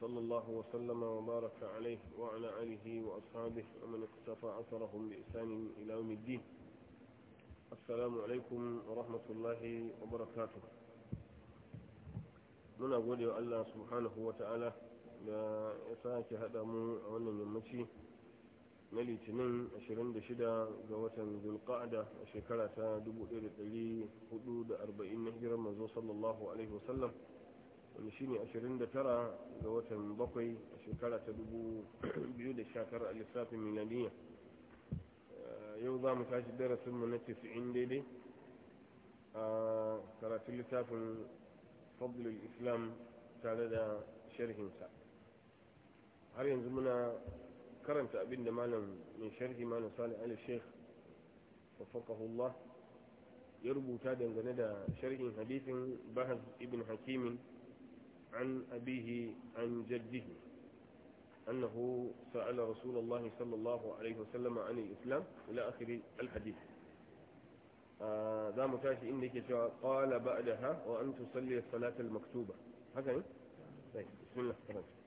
صلى الله وسلم وبارك عليه وعلى آله وأصحابه ومن اقتفى أثرهم بإحسان إلى يوم الدين السلام عليكم ورحمة الله وبركاته muna gode wa Allah subhanahu wa ta'ala da ya sake haɗa mu a wannan yammaci na litinin 26 ga watan zulqa'ada a shekara ta 1440 na hijirar manzo sallallahu alaihi wasallam wanda shine 29 ga watan bakwai a shekara ta 2019 a lissafin milaniya yau za mu tashi darasinmu na 90 daidai a karatun littafin fadlul islam tare da sharhinsa har yanzu muna karanta abin da malam mai sharhi malam salih ali sheikh wafakahullah ya rubuta dangane da sharhin hadithin bahaz ibn hakimin عن أبيه عن جده أنه سأل رسول الله صلى الله عليه وسلم عن الإسلام إلى آخر الحديث ذا متاشي إنك قال بعدها وأن تصلي الصلاة المكتوبة هكذا بسم الله الرحمن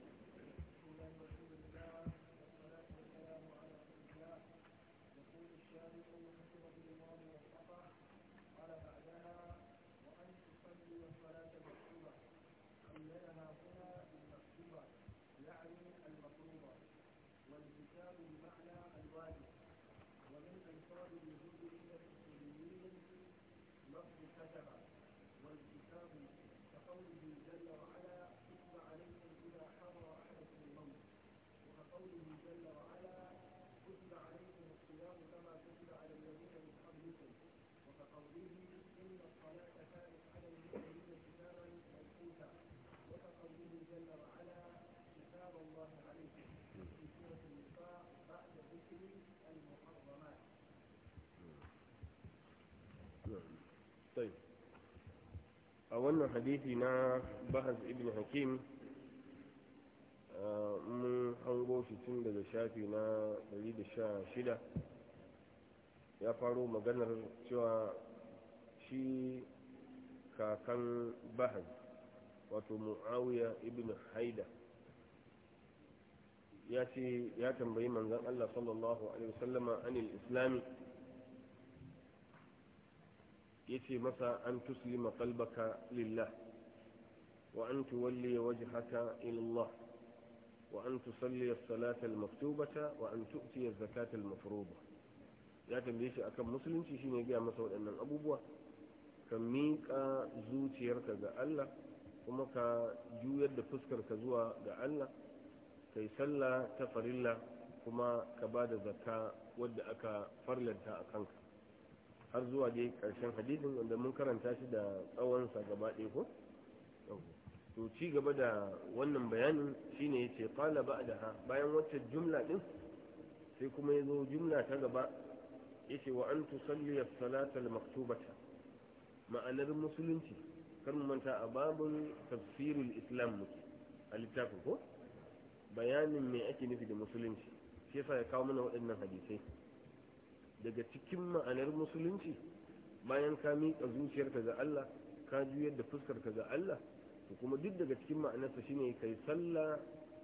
a wannan hadithi na bahas ibn hakim mun hango shi tun daga shafi na 116 ya faru maganar cewa shi kakan bahan wato mu'awiya ibn haida ya ce ya tambayi manzan Allah sallallahu alaihi wasallama anil islami ya ce masa an tuslima kalbaka lillah wa an tuwalli wajhaka ilallah wa an tusalli as-salata al-maktubata wa an tu'ti az-zakata al-mafruḍah ya tambaye shi akan musulunci shine gaya masa waɗannan abubuwa ka miƙa zuciyarka ga Allah kuma ka juyar da fuskarka zuwa ga Allah ka yi sallah ta farilla kuma ka ba da zakka wadda aka farlanta a kanka har zuwa dai ƙarshen hadisin wanda mun karanta shi da tsawonsa gaba ɗaya ko to ci gaba da wannan bayanin shine ya ce ba'daha ba bayan wacce jumla din sai kuma ya zo jumla ta gaba yace wa an tusalli as-salata maktubata ma'anar musulunci kar mu manta a babun tafsirul islam muke a littafin ko bayanin me ake nufi da musulunci shi yasa ya kawo mana waɗannan hadisai daga cikin ma'anar musulunci bayan ka miƙa zuciyarka ga Allah ka juyar da fuskarka ga Allah to kuma duk daga cikin ma'anarsa shine kai sallah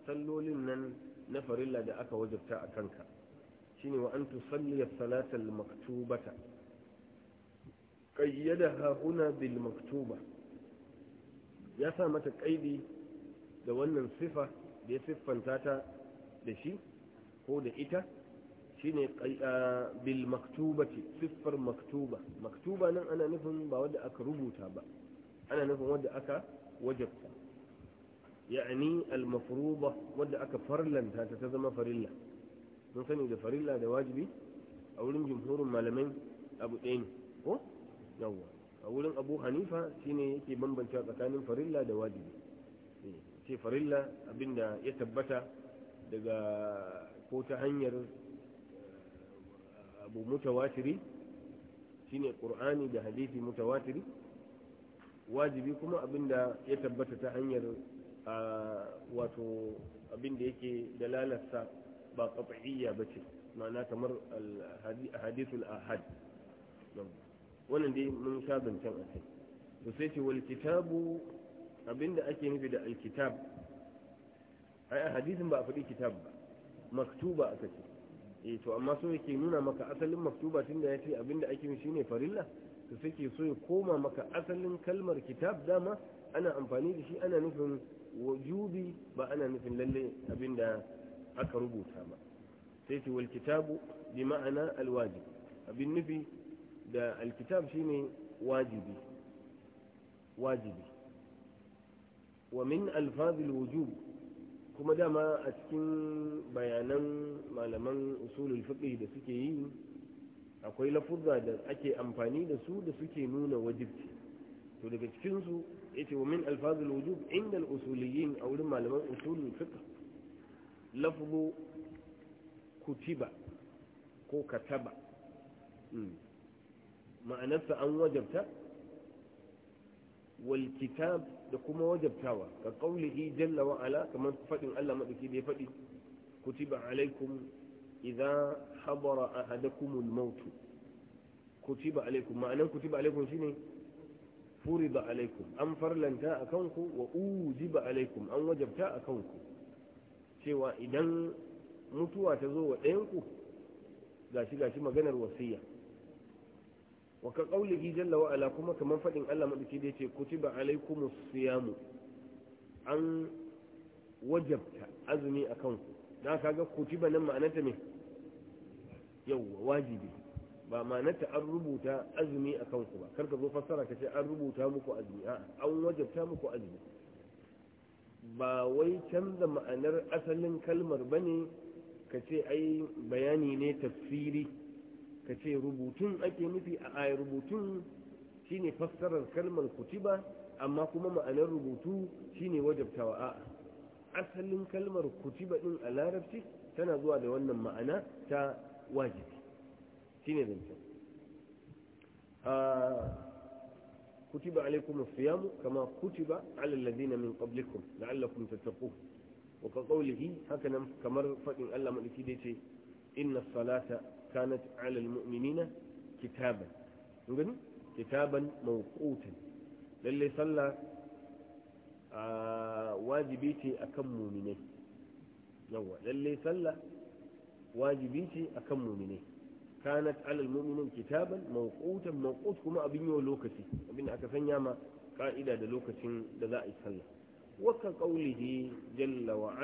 sallolin nan na farilla da aka wajabta a kanka shine wa an tusalli as maktubata qayyadaha huna bil maktuba ya sa mata kaidi da wannan sifa da ya siffanta ta da shi ko da ita shine ah, bil maktubati siffar maktuba maktuba nan ana nufin ba wadda aka rubuta ba ana nufin wadda aka wajabta ya'ani al-mafruḍa wadda aka farlanta ta zama farilla mun sani da farilla da wajibi a wurin jumhurin malamai abu ɗaya ne ko yawwa a wurin abu hanifa shine yake bambanta tsakanin farilla da wajibi eh, ce farilla abinda ya tabbata daga ko ta hanyar eh, abu mutawatiri shine qur'ani da hadisi mutawatiri wajibi kuma abinda ya tabbata ta hanyar ah, wato abinda yake dalalarsa ba qat'iyya bace ma'ana kamar hadithul ahad wannan dai mun sha zancen a kai to sai ce wal kitabu abinda ake nufi da alkitab ai hadisin ba a faɗi kitab ba maktuba aka ce eh to amma so yake nuna maka asalin maktuba tunda ya ce abinda ake nufi shine farilla to sai ke so ya koma maka asalin kalmar kitab dama ana amfani da shi ana nufin wajubi ba ana nufin lalle abinda aka rubuta ba sai ce wal bi ma'ana alwajib abin nufi da alkitab shine wajibi wajibi wa min alfazil wujub kuma dama a cikin bayanan malaman usulul fiqh da suke yi akwai lafuzza da ake amfani da su da suke nuna wajibci to daga cikinsu ce wa min alfazul wujub inda al-usuliyyin a wurin malaman usulul fiqh lafzu kutiba ko kataba hmm. ma'anarsa an wajabta والكتاب da kuma wajabtawa ka kaulihi jalla wa kamar faɗin Allah madaki da ya faɗi kutiba alaikum idza habara ahadakum al kutiba alaikum ma'anan kutiba alaikum shine furida alaikum an farlanta kanku wa ba alaikum an wajabta a kanku cewa idan mutuwa ta zo wa ɗayanku gashi gashi maganar wasiya wa ka yi jalla wa ala kuma kamar faɗin Allah da yace ba alaikumus siyamu an wajabta azumi a ku na kaga ba nan ma'anarta yau yawwa wajibi ba ma'anarta an rubuta azumi a kanku ba karka zo fassara kace an rubuta muku azumi a an wajabta muku azumi ba wai canza ma'anar asalin kalmar ba ne ka ce ai bayani ne tafsiri ka ce rubutun ake nufi a ai rubutun shine fassarar kalmar kutiba amma kuma ma'anar rubutu shine wajabtawa a asalin kalmar kutiba ɗin a larabci tana zuwa da wannan ma'ana ta wajibi shine zancen ah, kutiba alaikum as kama kutiba ala alladhina min qablikum la'allakum tattaqun wa ka qawlihi hakanan kamar fadin Allah madaki da yace inna salata kanat ala al-mu'minina kitaban ngani kitaban mawqutan lalle sallah wajibi ce akan mu'minai yawa lalle sallah wajibi ce akan mu'minai kanat alal mu'minin kitaban mawqutan mawqut kuma abin yau lokaci abin da aka sanya ma ka'ida da lokacin da za a yi sallah wa ka qawlihi jalla wa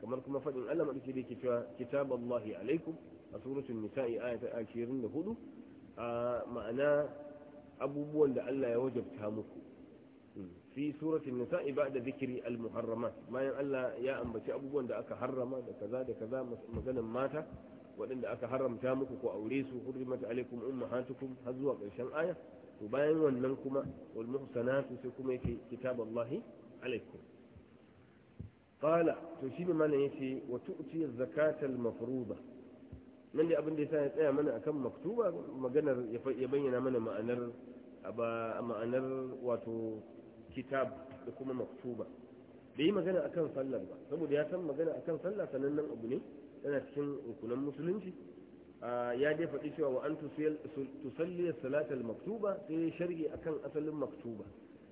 kamar kuma fadin Allah madaki da yake cewa kitaballahi alaikum a suratul nisa'i da hudu a ma'ana abubuwan da Allah ya wajabta muku fi suratul nisa'i ba'da zikiri al muharraman bayan Allah ya ambaci abubuwan da aka harrama da kaza da kaza maganan mata waɗanda aka haramta muku ko aure su hurrimat alaikum ummahatukum har zuwa ƙarshen aya to bayan wannan kuma wal muhsanatu sai kuma yake kitaballahi alaikum qala to shine mana yace wa tu'ti zakatal mafruḍa nan da abin da yasa ya tsaya mana akan maktuba maganar ya bayyana mana ma'anar ma'anar wato kitab da kuma maktuba bai yi magana akan sallar ba saboda ya san magana akan sallah sanannen abu ne yana cikin rukunan musulunci ya dai faɗi cewa wa an tusalliya salatal maktuba sai ya sharhi akan asalin maktuba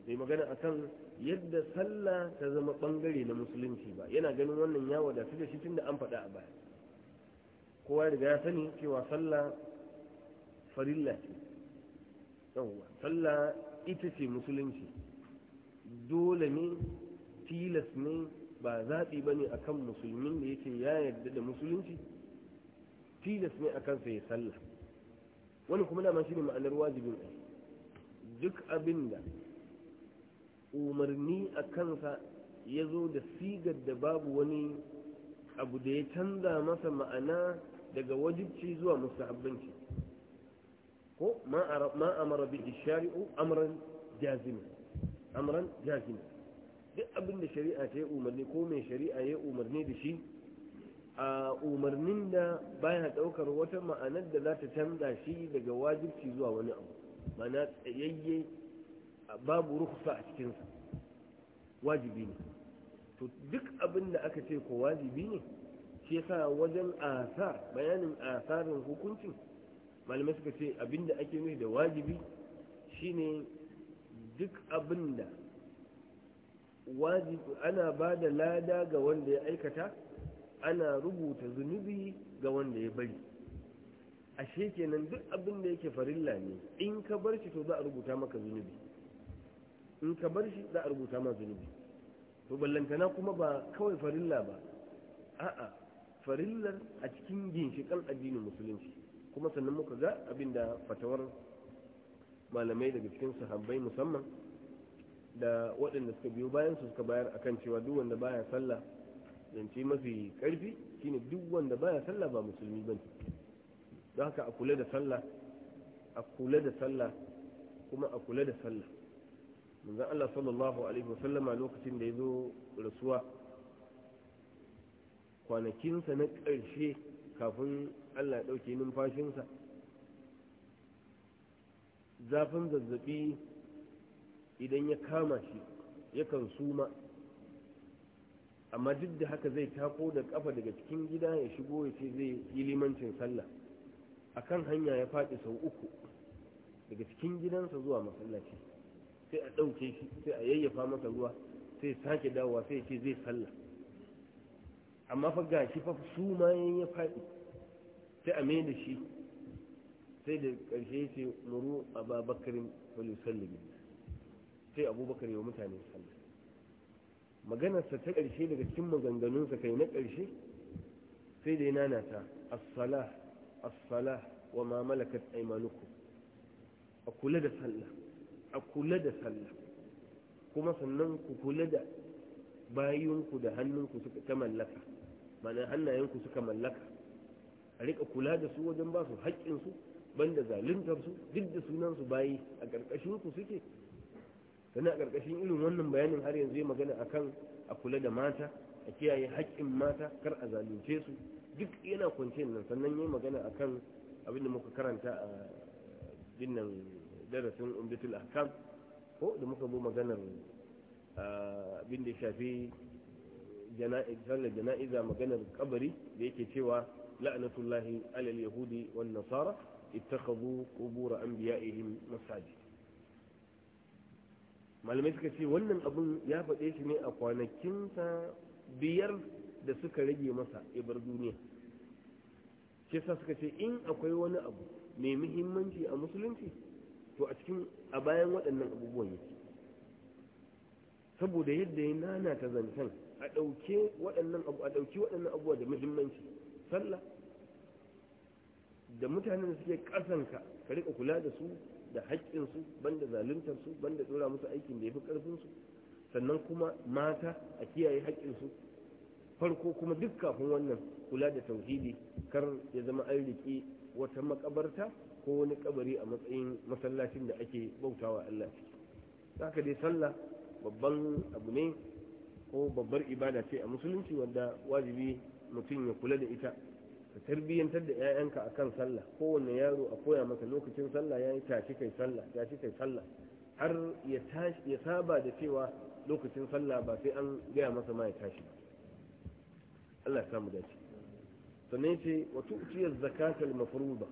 mai magana akan yadda sallah ta zama bangare na musulunci ba yana ganin wannan ya wadatu da shi tunda an faɗa a baya kowa riga ya sani cewa sallah farilla ce yawwa sallah ita ce musulunci dole ne tilas ne ba zaɓi ba ne a kan musulmin da yake ya yarda da musulunci tilas ne a kansa ya sallah wani kuma dama shi ne ma'anar wajibin ai duk abin da umarni a kansa ya zo da sigar da babu wani abu da ya canza masa ma'ana daga wajibci zuwa mustahabbanci ko ma amara bi shari'u amran amran jazimi duk abin da shari'a ta yi umarni ko mai shari'a ya umarni da shi a umarnin da baya daukar wata ma'anar da za ta canza shi daga wajibci zuwa wani abu mana tsayayye babu rukusa a cikinsa wajibi ne to duk abin da aka ce ko wajibi ne shi yasa wajen asar bayanin asarin hukuncin malamai suka ce abin da ake nufi da wajibi shine duk abin da ana ba da lada ga wanda ya aikata ana rubuta zunubi ga wanda ya bari ashe kenan duk abin da yake farilla ne in ka bar shi to za a rubuta maka zunubi in ka bar shi za a rubuta maka zunubi to ballantana kuma ba kawai farilla ba a'a farillar a cikin ginshikan addinin musulunci kuma sannan muka ga abinda fatawar malamai daga cikin sahabbai musamman da waɗanda suka biyo bayan su suka bayar akan cewa duk wanda baya sallah zance mafi karfi shine duk wanda baya sallah ba musulmi bane don haka a kula da sallah a kula da sallah kuma a kula da sallah manzon Allah sallallahu alaihi wasallama lokacin da ya zo rasuwa kwanakinsa na ƙarshe kafin Allah ya ɗauke numfashinsa zafin zazzabi idan ya kama shi yakan suma amma duk da haka zai tako da kafa daga cikin gida ya shigo ya ce zai yi limancin sallah kan hanya ya faɗi sau uku daga cikin gidansa zuwa masallaci sai a ɗauke shi sai a yayyafa masa ruwa sai sake dawowa sai ce zai sallah amma fa ga shi fa su ma ya faɗi sai a mai da shi sai da ƙarshe ce muru a babakarin wani sallabin sai abubakar yi wa mutane sallah maganarsa ta ƙarshe daga cikin maganganunsa kai na ƙarshe sai da ya ta as-salah as-salah wa ma malakat aymanukum a kula da sallah a kula da sallah kuma sannan ku kula da bayinku da hannunku suka ta mallaka ma'ana hannayenku suka mallaka a riƙa kula da su wajen ba su haƙƙinsu banda zaluntarsu su duk da sunansu bayi a ƙarƙashinku ku suke sannan a ƙarƙashin irin wannan bayanin har yanzu ya magana akan a kula da mata a kiyaye haƙƙin mata kar a zalunce su duk yana kwance nan sannan ya magana akan abin da muka karanta a jinnan darasin umdatul ahkam ko da muka zo maganar abin da ya shafi sallar jana'iza maganar kabari da yake cewa la'anatullahi alal yahudi wan nasara ittakhadhu qubur anbiya'ihim masajid malamai suka ce wannan abun ya faɗe shi ne a kwanakinsa biyar da suka rage masa ibar duniya shi sa suka ce in akwai wani abu mai muhimmanci a musulunci to a cikin a bayan waɗannan abubuwan yake saboda yadda ya nana ta zancen a ɗauke waɗannan abu a ɗauki waɗannan abubuwa da muhimmanci sallah da mutanen da suke ƙasanka ka riƙa kula da su da haƙƙinsu banda zaluntarsu banda tsora musu aikin da ya fi ƙarfinsu sannan kuma mata a kiyaye su. farko kuma duk kafin wannan kula da tauhidi kar ya zama an riƙe wata makabarta ko wani kabari a matsayin masallacin da ake bautawa Allah ciki haka dai sallah babban abu ne ko babbar ibada ce a musulunci wanda wajibi mutum ya kula da ita ka tarbiyyantar da 'ya'yanka akan sallah kowanne yaro a koya masa lokacin sallah ya yi tashi kai sallah tashi kai sallah har ya saba da cewa lokacin sallah ba sai an gaya masa ma ya tashi ba Allah ya samu dace sannan ce wa tu'tiyaz zakatal mafruḍa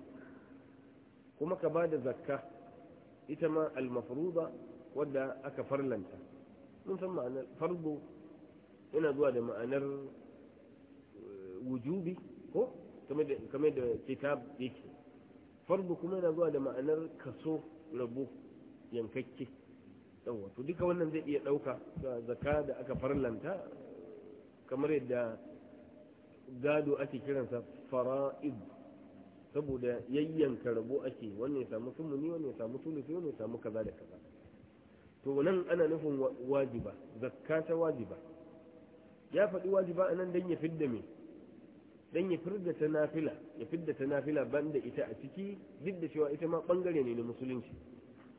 kuma ka ba da zakka ita ma al mafruḍa wadda aka farlanta mun san ma'anar fardu yana zuwa da ma'anar eh, wujubi ko kamar da kitab yake fardu kuma yana zuwa da ma'anar kaso rabo yankakke yawa to duka wannan zai iya ɗauka zaka da aka farlanta kamar yadda gado ake kiransa fara'id saboda yayyanka rabo ake wannan ya samu sumuni wannan ya samu sulusi wannan ya samu kaza da kaza to nan ana nufin wajiba zakka ta wajiba ya faɗi wajiba anan dan ya fidda mai. dan ya firda ta nafila ya fidda ta nafila banda ita a ciki duk da cewa ita ma bangare ne na musulunci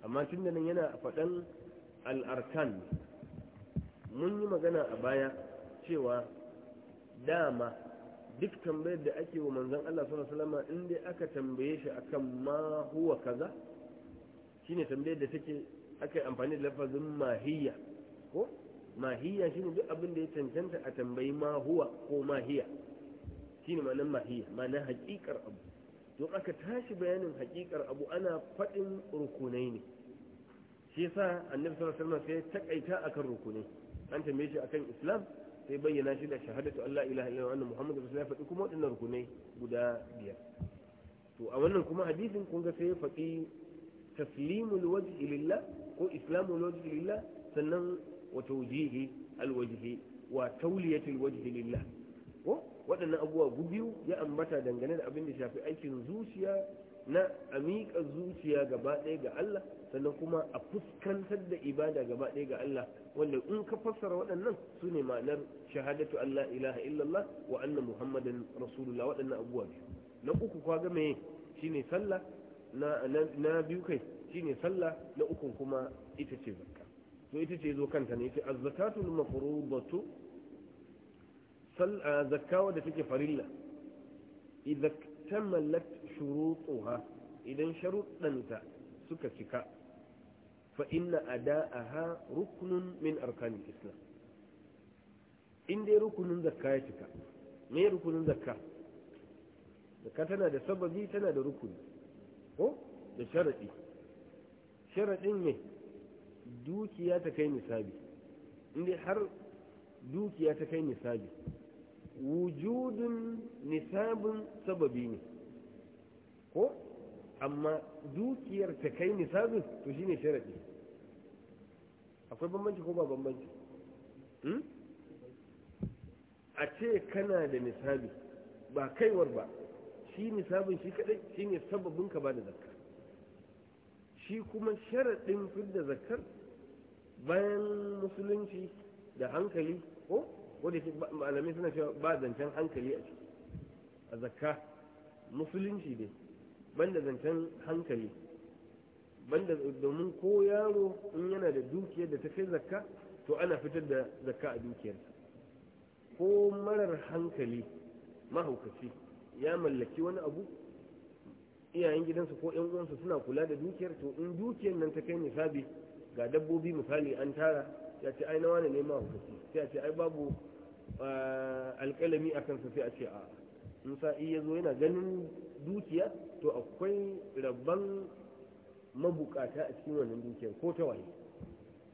amma tunda nan yana faɗan al'arkan mun yi magana a baya cewa dama duk tambayar da ake wa manzon Allah sallallahu alaihi wasallam aka tambaye shi akan ma huwa kaza shine tambayar da take aka yi amfani da lafazin mahiyya ko mahiyya shine duk abin da ya cancanta a tambayi ma huwa ko mahiya shine manan mahiya ma'anar hakikar abu don aka tashi bayanin hakikar abu ana faɗin rukunai ne shi yasa annabi sallallahu alaihi wasallam sai takaita akan rukunai an tambaye shi akan islam sai bayyana shi da shahadatu Allah ilaha illa wa anna muhammadu rasulullah faɗi kuma waɗannan rukunai guda biyar to a wannan kuma hadisin kun ga sai ya faɗi taslimul wajhi lillah ko islamul wajhi lillah sannan wa tawjihi alwajhi wa tawliyatul wajhi lillah ko waɗannan abubuwa biyu ya ambata dangane da abin da shafi aikin zuciya na a miƙa zuciya gaba ɗaya ga Allah sannan kuma a fuskantar da ibada gaba ɗaya ga Allah wanda in ka fassara waɗannan su ne ma'anar shahadatu Allah ilaha illallah wa anna muhammadan rasulullah waɗannan abubuwa biyu na uku kwaga me shine sallah na na biyu kai shine sallah na uku kuma ita ce zakka to ita ce zo kanta ne ita az-zakatu al-mafrudatu Eh, zakka da take farilla idan tamalat shurutuha idan sharuɗanta suka cika fa inna ada'aha ruknun min arkan islam in dai rukunin zakka ya cika me rukunin zakka zakka tana da sababi tana da rukuni ko da sharadi sharadin ne dukiya ta kai nisabi in dai har dukiya ta kai nisabi wujudun nisabun sababi ne ko amma dukiyar ta kai nisabin to shine sharadi akwai bambanci ko ba bambanci hmm? a ce kana da nisabi ba kaiwar ba shi nisabin shi kaɗai, shi ne sababin ka ba da zakka shi kuma sharaɗin da zakkar bayan musulunci da hankali ko wanda shi malamai suna cewa ba zancen hankali a ciki a zakka musulunci ne banda zancen hankali banda domin ko yaro in yana da dukiyar da ta kai zakka to ana fitar da zakka a dukiyar. ko marar hankali mahaukaci ya mallaki wani abu iyayen gidansa ko yan uwansa suna kula da dukiyar to in dukiyar nan ta kai nisabi ga dabbobi misali an tara ya ce ai na ne ne mahaukaci sai a ce ai babu alƙalami a kansa sai a ce a in sa'i ya zo yana ganin dukiya to akwai rabban mabukata a cikin wannan dukiyar ko ta waye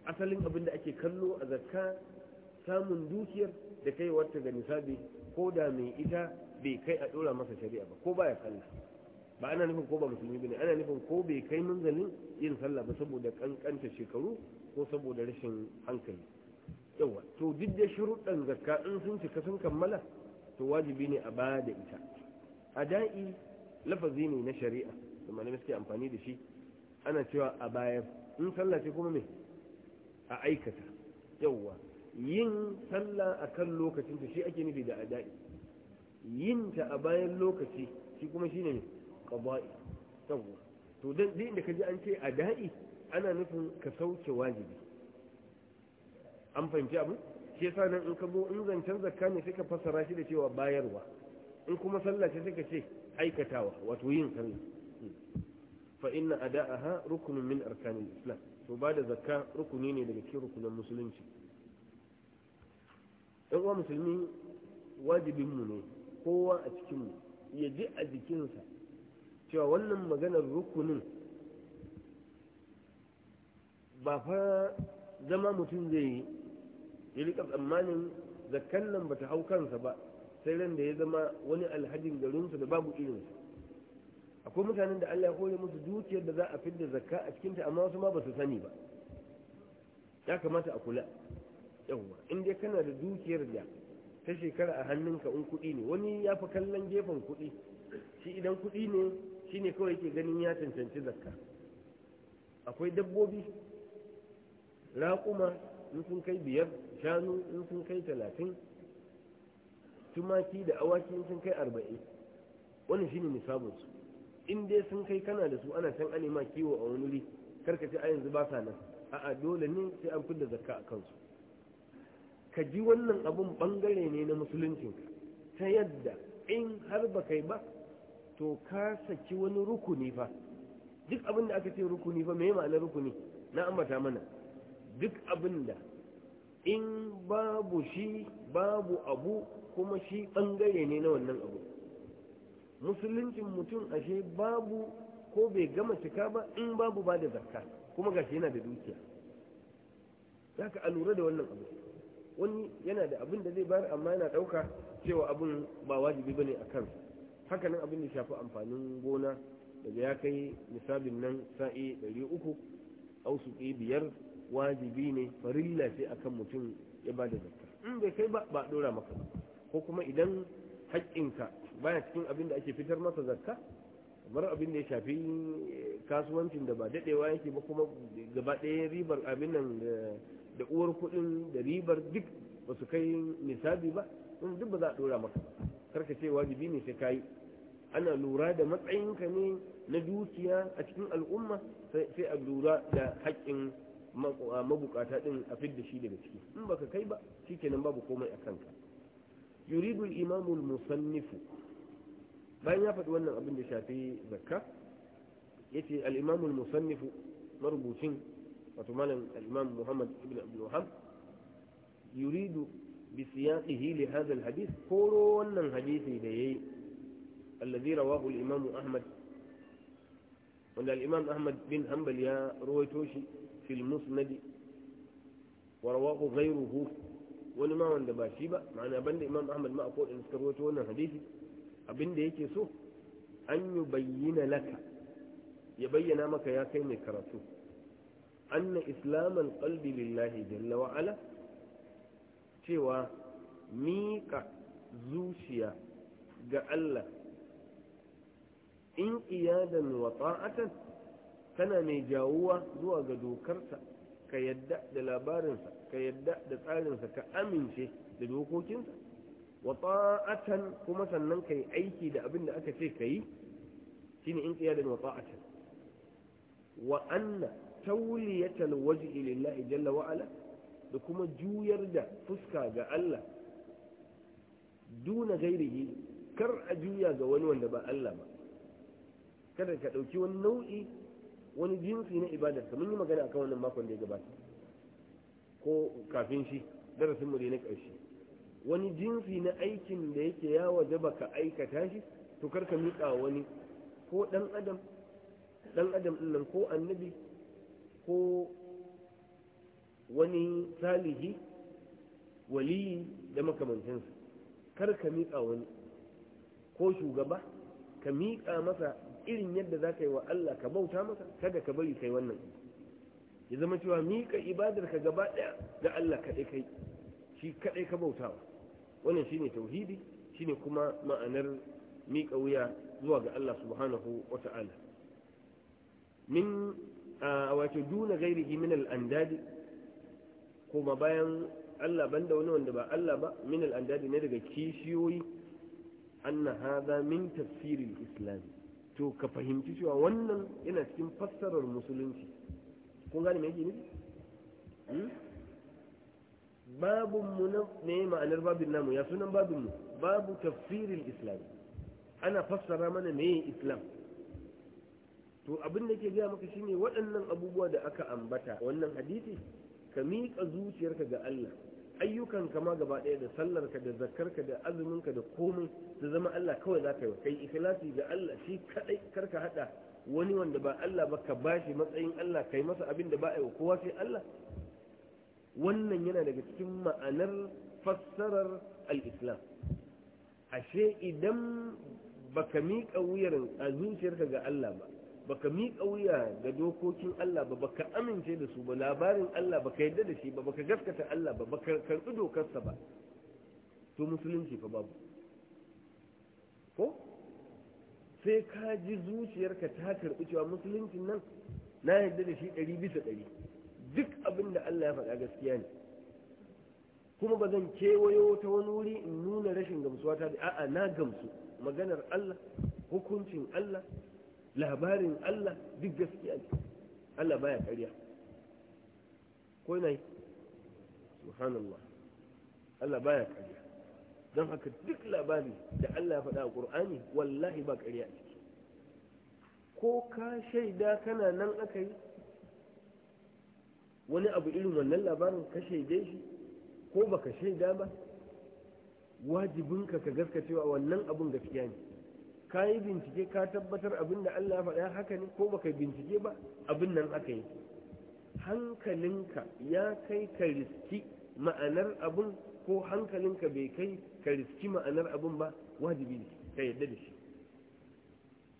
asalin abin da ake kallo a zakka samun dukiyar da kai wata ga nisabi ko da mai ita bai kai a ɗora masa shari'a ba ko baya sallah ba ana nufin ko ba musulmi bane ana nufin ko bai kai manzalin yin sallah ba saboda kankanta shekaru ko saboda rashin hankali yawa to duk da shuruɗan zakka in sun cika sun kammala to wajibi ne a bada ita a da'i lafazi ne na shari'a da malamai suke amfani da shi ana cewa a bayar in sallah ce kuma me a aikata yawa yin sallah a kan lokacinta shi ake nufi da ada'i yin ta a bayan lokaci shi kuma shi ne qaba'i yawa to inda da ji an ce ada'i ana nufin ka sauke wajibi an fahimci abu shi yasa nan in ka zo in zancen zakka ne sai ka fassara shi da cewa bayarwa in kuma sallah ce sai ka ce aikatawa wato yin sallah fa inna ada'aha rukunun min arkanil islam to ba da zakka rukuni ne daga cikin rukunan musulunci ɗan uwa musulmi wajibinmu ne kowa a cikinmu ya ji a jikinsa cewa wannan maganar rukunin ba fa zama mutum zai yi ya rika tsammanin zakkan nan bata hau kansa ba sai ran da ya zama wani alhajin garinsu da babu su akwai mutanen da Allah ya kore musu dukiyar da za a fidda zakka a cikinta amma wasu ma ba su sani ba ya kamata a kula yawwa in dai kana da dukiyar da ta shekara a hannunka in kuɗi ne wani ya fi kallon gefen kuɗi shi idan kuɗi ne shine kawai ke ganin ya cancanci zakka akwai dabbobi raƙuma in sun kai biyar shanu in sun kai talatin tumaki da awaki in sun kai arba'in wannan shine nisabinsu in dai sun kai kana da su ana can anima kiwo a wani wuri karka ce a yanzu ba sa nan a'a dole ne sai an kudda zakka a kansu ka ji wannan abun bangare ne na musulunci ta yadda in har ba kai ba to ka saki wani rukuni fa duk abin da aka ce rukuni fa me ma'anar rukuni na ambata mana duk abin da in babu shi babu abu kuma shi ɓangare ne na wannan abu musuluncin mutum ashe babu ko bai gama cika ba in babu ba da zakka kuma gashi yana da dukiya za ka alura da wannan abu wani yana da abin da zai bayar amma yana ɗauka cewa abin ba wajibi ba ne a kansa nan abin da shafi amfanin gona daga ya kai misalin nan sa'i 300 su biyar wajibi ne farilla ce akan mutum ya ba da zakka in bai kai ba ba dora maka ko kuma idan haƙƙinka baya cikin abin da ake fitar masa zakka kamar abin da ya shafi eh, kasuwancin da ba daɗewa yake ba kuma gaba ɗaya ribar abin nan eh, da uwar kuɗin da ribar duk ba su kai nisabi ba in duk ba za a ɗora maka karka ce wajibi ne sai kayi ana lura da matsayinka ne na dukiya a cikin al'umma sai a lura da haƙƙin mabukata din a fidda shi daga ciki in baka kai ba shikenan babu komai a kanka yuridu al-imamu al-musannifu bayan ya faɗi wannan abin da shafi zakka yace al-imamu al-musannifu marubucin wato malam al-imam Muhammad ibn Abdul Wahhab yuridu bi siyaqihi li hadha al-hadith koro wannan hadisi da yayi alladhi rawahu al-imam Ahmad wanda al-imam Ahmad bin Hanbal ya rawaito shi في المسند ورواه wani ma wanda ba shi ba ma'ana banda imam ahmad ma akwai in suka rawaito wannan hadisi Abinda yake so an yi bayyana laka ya bayyana maka ya kai mai karatu anna islaman qalbi lillahi jalla wa cewa miƙa zuciya ga Allah in iyadan wa ta'atan tana mai jawuwa zuwa ga dokarsa ka yadda da labarinsa ka yadda da tsarinsa ka amince da dokokinsa wa ta'atan kuma sannan ka yi aiki da abin da aka ce ka yi shine in qiyadan wa ta'atan wa anna tawliyatal wajhi lillahi jalla wa ala da kuma juyar da fuska ga Allah duna gairihi kar a juya ga wani wanda ba Allah ba kada ka ɗauki wani nau'i wani jinsi na ibadarsa mun yi magana akan wannan makon da ya gabata ko kafin shi darasin mure na ƙarshe wani jinsi na aikin da yake ya waje ka aikata shi to karka miƙa wani ko ɗan adam ɗan adam ɗin ko annabi ko wani salihi waliyi da makamancinsa karka ka miƙa wani ko shugaba ka miƙa masa irin yadda za ka yi wa Allah ka bauta masa kada ka bari kai wannan ya zama cewa miƙa ibadar ka gaba ɗaya ga Allah kaɗai kai shi kaɗai ka bautawa wannan shine tauhidi shine kuma ma'anar miƙa wuya zuwa ga Allah subhanahu wa ta'ala min wato duna gairihi min al kuma bayan Allah banda wani wanda ba Allah ba min al ne daga kishiyoyi anna hadha min tafsiril islami to ka fahimci cewa wannan yana cikin fassarar musulunci kun gane mai yake hmm? babinmu na ne ma'anar babin namu ya sunan babin babu tafsirin islam ana fassara mana me islam to abin da ke gaya maka shine waɗannan abubuwa da aka ambata wannan hadisi ka miƙa zuciyarka ga Allah ayyukan kama gaba ɗaya da sallarka da zakarka da azuminka da komai da zama Allah kawai za ka yi kai ikhlasi ga Allah shi kadai karka haɗa wani wanda ba Allah ba ka bashi matsayin Allah ka yi masa abin da ba a yi kowa sai Allah wannan yana daga cikin ma'anar fassarar al-islam ashe idan baka miƙa wuyar a zuciyarka ga Allah ba baka miƙa wuya ga dokokin Allah ba baka amince da su ba labarin Allah baka yadda da shi ba baka gaskata Allah ba baka karɓi dokarsa ba to musulunci fa babu ko sai ka ji zuciyarka ta karɓi cewa musuluncin nan na yadda da shi ɗari bisa ɗari duk abin da Allah ya faɗa gaskiya ne kuma ba zan kewayo ta wani wuri in nuna rashin gamsuwa ta da a'a na gamsu maganar Allah hukuncin Allah labarin Allah duk gaskiya ne Allah baya karya ko ne yi subhanallah Allah baya karya don haka duk labari da Allah ya faɗa a Qur'ani wallahi ba karya a ciki ko ka shaida kana nan aka yi wani abu irin wannan labarin ka shaide shi ko baka shaida ba wajibinka ka gaskacewa wannan abun gaskiya ne ka yi bincike ka tabbatar abin da Allah faɗa haka ne ko baka bincike ba abin nan aka yi hankalinka ya kai ka riski ma'anar abin ko hankalinka bai kai ka riski ma'anar abin ba wajibi ne ka yadda da shi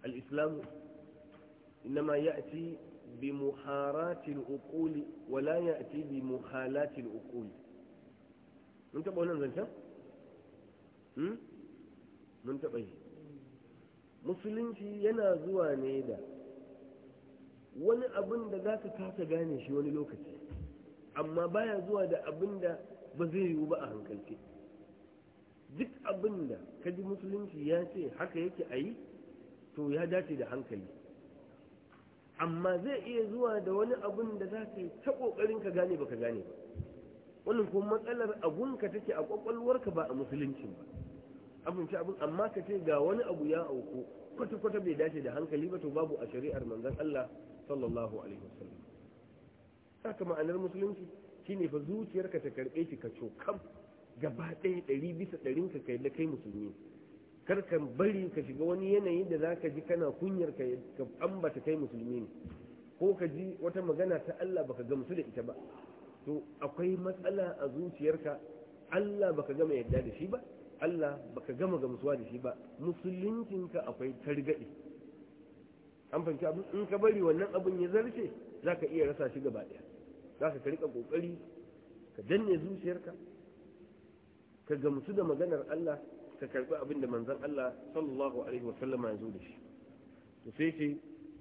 al-islam inma ya'ti bi muharati uqul wa la ya'ti bi muhalati uqul mun taba wannan zancen hmm? mun taba yi musulunci yana zuwa ne da wani abin da za ka kasa gane shi wani lokaci amma baya zuwa da abin da ba zai yiwu ba a hankalce duk abin da ka ji musulunci ya ce haka yake a yi to ya dace da hankali amma zai iya zuwa da wani abin da za ka yi ta ƙoƙarin ka gane ba ka gane ba wani kuma matsalar abunka take a ƙwaƙwalwarka ba a musulunci ba amince abin amma ka ce ga wani abu ya auku kwata-kwata bai dace da hankali ba to babu a shari'ar manzon Allah sallallahu alaihi wasallam haka ma'anar musulunci shine fa zuciyarka ta karbe shi ka cokam gaba ɗaya ɗari bisa ɗarin ka kai da kai musulmi kar ka bari ka shiga wani yanayi da zaka ji kana kunyar ka ambata kai musulmi ne ko ka ji wata magana ta Allah baka gamsu da ita ba to akwai matsala a zuciyarka Allah baka gama yadda da shi ba Allah baka gama gamsuwa da shi ba musuluncinka akwai targaɗe an fanci abin in ka bari wannan abin ya zarce za ka iya rasa shi gaba ɗaya za ka riƙa ƙoƙari ka danne zuciyarka ka gamsu da maganar Allah ka karɓi abin da manzon Allah sallallahu alaihi wa sallama ya zo da shi to sai ce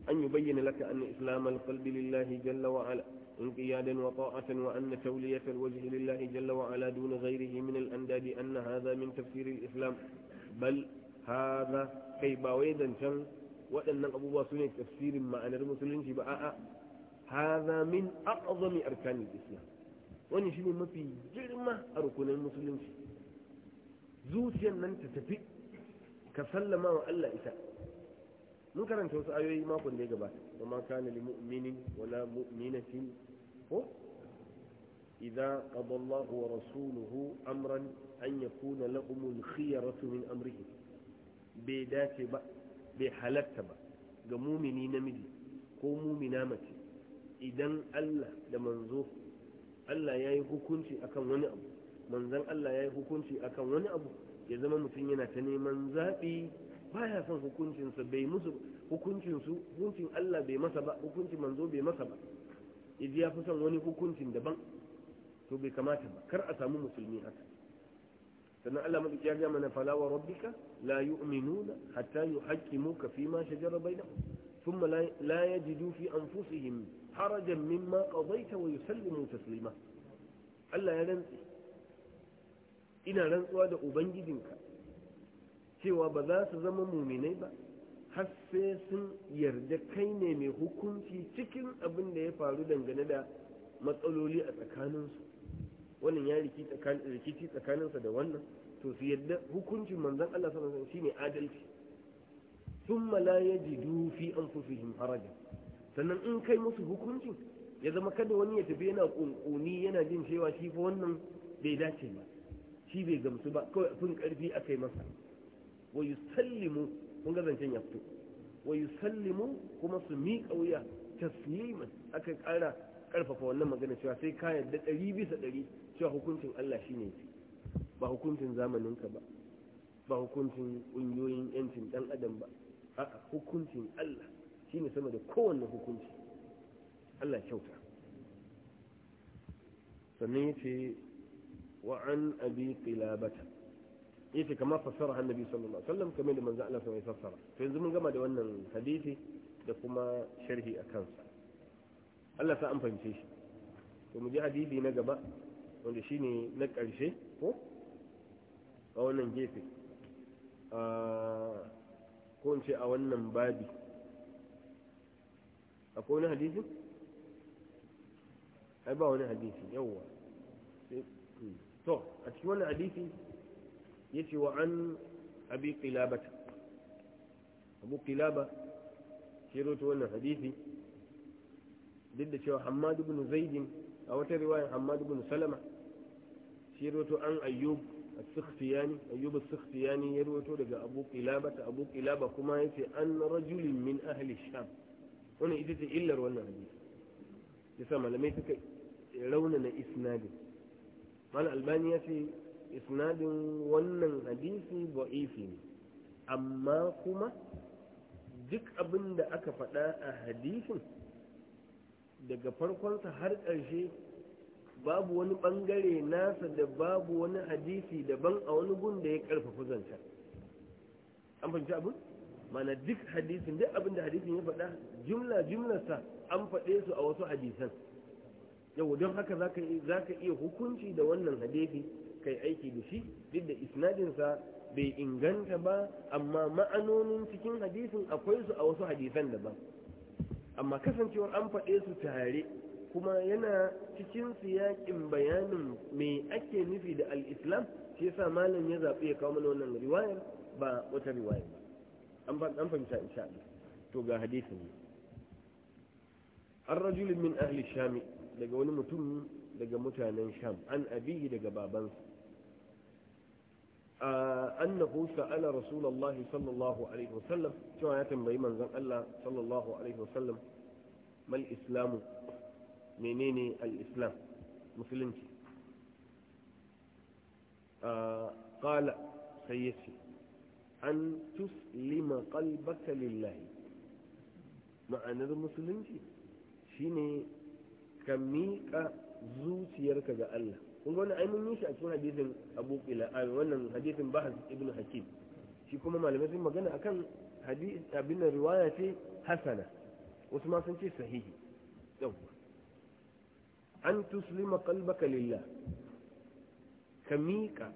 an yi bayyana laka anna islamal qalbi lillahi jalla wa ala انقيادا وطاعة وأن تولية الوجه لله جل وعلا دون غيره من الأنداد أن هذا من تفسير الإسلام بل هذا كي باويدا شن وأن أبو باسوني تفسير معنى المسلمين شباء هذا من أعظم أركان الإسلام ونشني ما في جرمة أركون المسلمين زوسيا من تتفي كسلما وألا إساء من كان توسع أيوه ما قل ليه وما كان لمؤمن ولا مؤمنة ko idza qada Allahu wa rasuluhu amran an yakuna lahumul khiyaratu min amrihi bai dace ba bai halatta ba ga mumini namiji ko mumina mace idan Allah da manzo Allah ya yi hukunci akan wani abu manzan Allah ya yi hukunci akan wani abu ya zama mutum yana ta neman zaɓi baya son hukuncinsa bai musu hukuncinsu hukuncin Allah bai masa ba hukuncin manzo bai masa ba yaji ya fi son wani hukuncin daban to bai kamata ba kar a samu musulmi haka sannan Allah madauki ya ga mana falawa rabbika la yu'minuna hatta yuhaqqimuka fi ma shajara bainahum thumma la yajidu fi anfusihim harajan mimma qadaita wa yusallimu taslima Allah ya rantsi ina rantsuwa da ubangijinka cewa ba za su zama muminai ba har sai sun yarda kai ne mai hukunci cikin abin da ya faru dangane da matsaloli a tsakaninsu wannan ya rikici tsakaninsa da wannan to su yarda hukuncin manzan Allah sallallahu alaihi shine adalci thumma la yajidu fi anfusihim harajan sannan in kai musu hukuncin ya zama kada wani ya tafi yana kunkuni yana jin cewa shi fa wannan bai dace ba shi bai gamsu ba kawai sun karfi akai masa wa yusallimu kun ga zancen ya fito wa yusallimu kuma su miƙa wuya tasliman aka ƙara ƙarfafa wannan magana cewa sai ka yarda ɗari bisa ɗari cewa hukuncin Allah shi ne ba hukuncin zamaninka ba ba hukuncin ƙungiyoyin yancin ɗan adam ba a'a hukuncin Allah shi ne sama da kowanne hukunci Allah kyauta sannan ya ce wa an abi qilabata yace kamar fassara annabi sallallahu alaihi wasallam kamar da manzo Allah sai fassara to yanzu mun gama da wannan hadisi da kuma sharhi a kansa Allah sa an fahimce shi to mu ji hadisi na gaba wanda shine na ƙarshe ko a wannan gefe ko in ce a wannan babi akwai wani hadisi ai ba wani hadisi yawwa hmm. to a cikin wannan hadisi yace wa an abi qilaba abu qilaba shi rawaito wannan hadisi duk da cewa hammad ibn zaid a wata riwaya hammad ibn salama shi rawaito an ayyub as-sakhtiyani ayyub as-sakhtiyani ya rawaito daga abu qilaba abu qilaba kuma yace an rajulin min ahli sham wani ita ce illar wannan hadisi yasa malamai suka raunana isnadin mal albani ya ce isnadin wannan hadisi ba'ifi ne amma kuma duk abin da aka faɗa a hadisin daga farkonsa har ƙarshe babu wani ɓangare nasa da babu wani hadisi daban a wani gun da ya ƙarfafa zanta an fahimci abin mana duk hadisin duk abin da hadisin ya faɗa jumla jumlarsa an faɗe su a wasu hadisan yau don haka za ka iya hukunci da wannan hadisi suka yi aiki da shi duk da isnadinsa bai inganta ba amma ma'anonin cikin hadisin akwai su a wasu hadisan daban amma kasancewar an faɗe su tare kuma yana cikin yakin bayanin me ake nufi da al'islam islam shi yasa malam ya zaɓi ya kawo mana wannan riwayar ba wata riwayar ba an fahimta insha Allah to ga hadisin ne an rajulin min ahli shami daga wani mutum daga mutanen sham an abihi daga babansa annahu sa'ala rasulullahi sallallahu ya tambayi manzon Allah sallallahu alaihi wasallam mal islamu menene musulunci qala sai yace an tuslima qalbaka lillahi ma'anar musulunci shine ka miƙa zuciyarka ga Allah kun ga wani ainihin yi shi a cikin hadisin Abu a wannan hadisin Bahas ibn Hakim shi kuma malamai sun magana a kan abin da riwaya ce hasana wasu ma sun ce sahihi yawwa an tuslima qalbaka lillah ka miƙa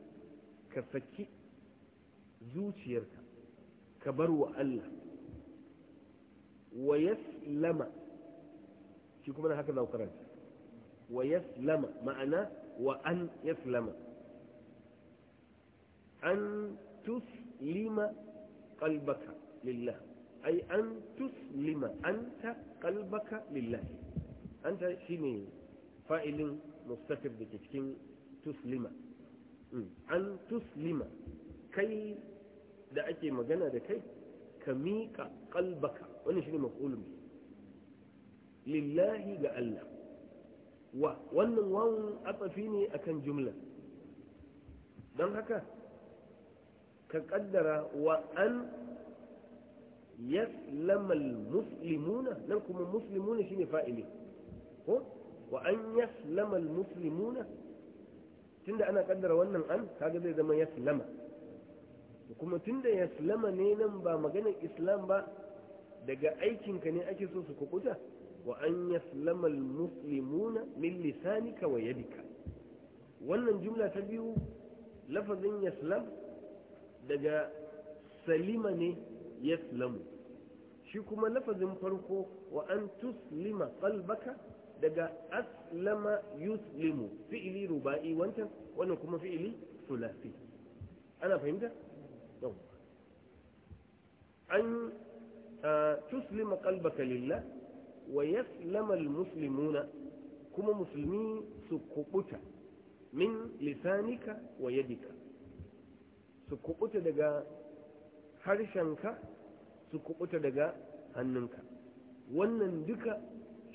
ka saki zuciyarka ka bar wa Allah wa yaslama shi kuma na haka za ku karanta wa yaslama ma'ana وأن يسلم أن تسلم قلبك لله أي أن تسلم أنت قلبك لله أنت شيني فائل مستتر بتشكين تسلم أن تسلم كي دعتي مجنة كي كميك قلبك ka miƙa لله wani shi wa wannan wawan atsafi ne akan jumla don haka ka kaddara wa an yaslamal muslimuna nan kuma muslimuna shine fa'ili ko wa an yaslamal muslimuna tunda ana kaddara wannan an kaga zai zama yaslama kuma tunda yaslama ne nan ba maganar islam ba daga aikinka ne ake so su kukuta wa an yaslama almuslimuna min lisanika wa yadika wannan jumla ta biyu lafazin yaslam daga salima ne yaslamu shi kuma lafazin farko wa an tuslima qalbaka daga aslama yuslimu fi'ili ruba'i wancan wannan kuma fi'ili sulasi ana fahimta an uh, tuslima qalbaka lillah wa yaslama almuslimuna kuma musulmi su kubuta min lisanika wa yadika su kubuta daga harshenka su kubuta daga hannunka wannan duka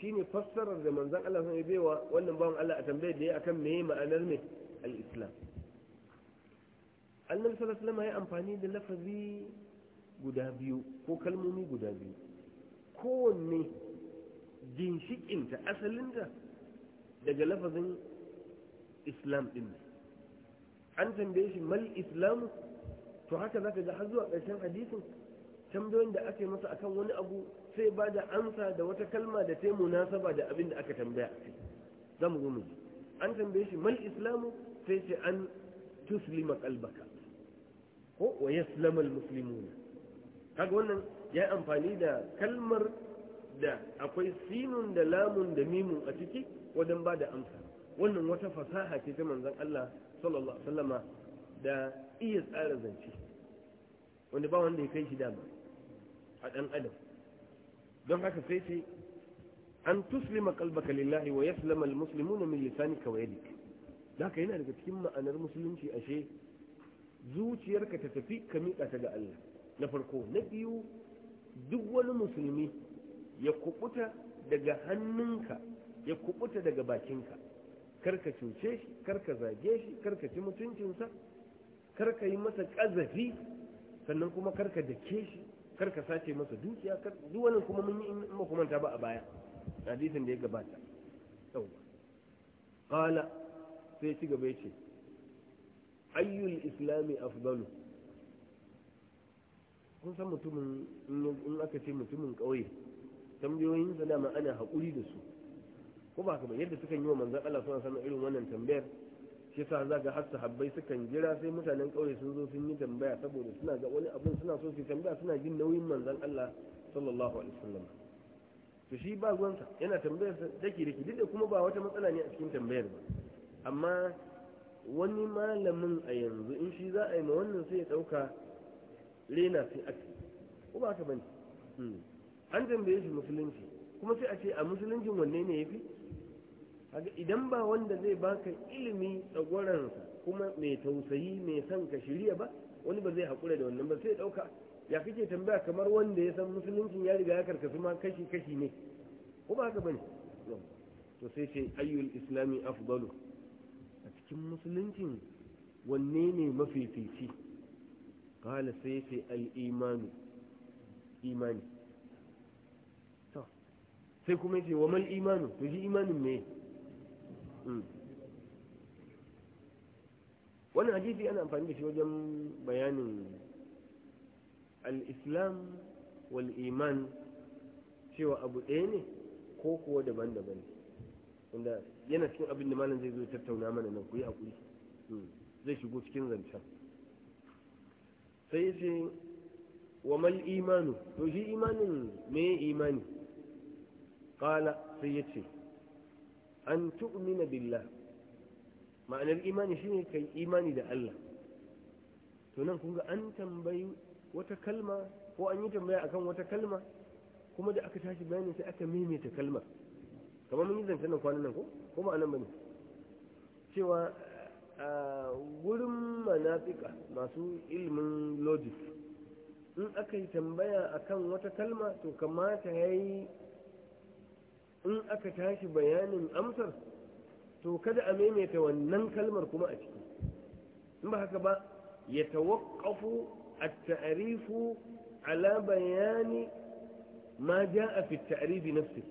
shine fassarar da manzon Allah sun yi wa wannan bawan Allah a tambaye da ya akan meye ma'anar ne al-islam annabi sallallahu alaihi wasallam ya amfani da lafazi guda biyu ko kalmomi guda biyu kowanne ginshikinta asalinta daga lafazin islam ɗin an tambaye shi mal islamu to haka za ka ga har zuwa ƙarshen hadisin tambayoyin da aka masa akan wani abu sai ba da amsa da wata kalma da ta munasaba da abin da aka tambaya a kai za mu mu an tambaye shi mal islamu sai ce an tuslima kalbaka ko wa yaslama almuslimuna kaga wannan ya amfani da kalmar da akwai sinun da lamun da mimun a ciki wajen ba da amsa wannan wata fasaha ce ta manzon Allah sallallahu alaihi da iya tsara zance wanda ba wanda ya kai shi dama a dan adam don haka sai sai an tuslima qalbaka lillahi wa yaslama almuslimuna min lisanika wa yadik haka yana daga cikin ma'anar musulunci ashe zuciyarka ta tafi ka miƙa ta ga Allah na farko na biyu duk wani musulmi ya kubuta daga hannunka ya kubuta daga bakinka karka cuce shi karka zage shi karka ci mutuncinsa karka yi masa kazafi sannan kuma karka dake shi karka sace masa dukiya duk wannan kuma mun yi in ba a baya hadisin da ya gabata yau sai ci gaba yace ayyul islami afdalu kun san mutumin in aka ce mutumin ƙauye tambayoyin sa dama ana haƙuri da su ko ba ka ba yadda sukan yi wa manzan Allah suna sanar irin wannan tambayar shi sa za ga har sahabbai sukan jira sai mutanen ƙauye sun zo sun yi tambaya saboda suna ga wani abin suna so su tambaya suna jin nauyin manzan Allah sallallahu alaihi wasallam to shi ba gwanka yana tambayar sa dake dake duk da kuma ba wata matsala ne a cikin tambayar ba amma wani malamin a yanzu in shi za a yi ma wannan sai ya ɗauka rena sai aka ko ba ka bane hmm. an tambaye shi musulunci kuma sai a ce a musuluncin wanne ne yafi idan ba wanda zai baka ilimi tsagoransa kuma mai tausayi mai son ka shirya ba wani ba zai haƙura da wannan ba sai ɗauka ya kake tambaya kamar wanda ya san musuluncin ya riga ya karkasu ma kashi kashi ne ko ba haka bane to sai ce ayyul islami afdalu a cikin musuluncin wanne ne mafifici qala sai ce al imani imani sai kuma yace wa mal imanu to shi imanin me hmm. wannan hadisi ana amfani da shi wajen bayanin al-islam wal iman cewa abu ɗaya ne ko kuwa daban-daban wanda yana cikin abin da malam zai zo tattauna mana nan ku yi hakuri hmm. zai shigo cikin zancen sai yace wa mal imanu to shi imanin me imani kala sai yace an na billah ma'anar imani shine kai imani da Allah to nan kun ga an tambayi wata kalma ko an yi tambaya akan wata kalma kuma da aka tashi bayanin sai aka maimaita kalmar kamar mun yi zancen nan kwanan nan ko kuma anan bane cewa a wurin manafika masu ilimin logic in aka yi tambaya akan wata kalma to kamata ya yi in aka tashi bayanin amsar to kada a maimaita wannan kalmar kuma a ciki in ba haka ba ya tawakafu a ta'arifu ala bayani ma ja a fi ta'arifi nafsi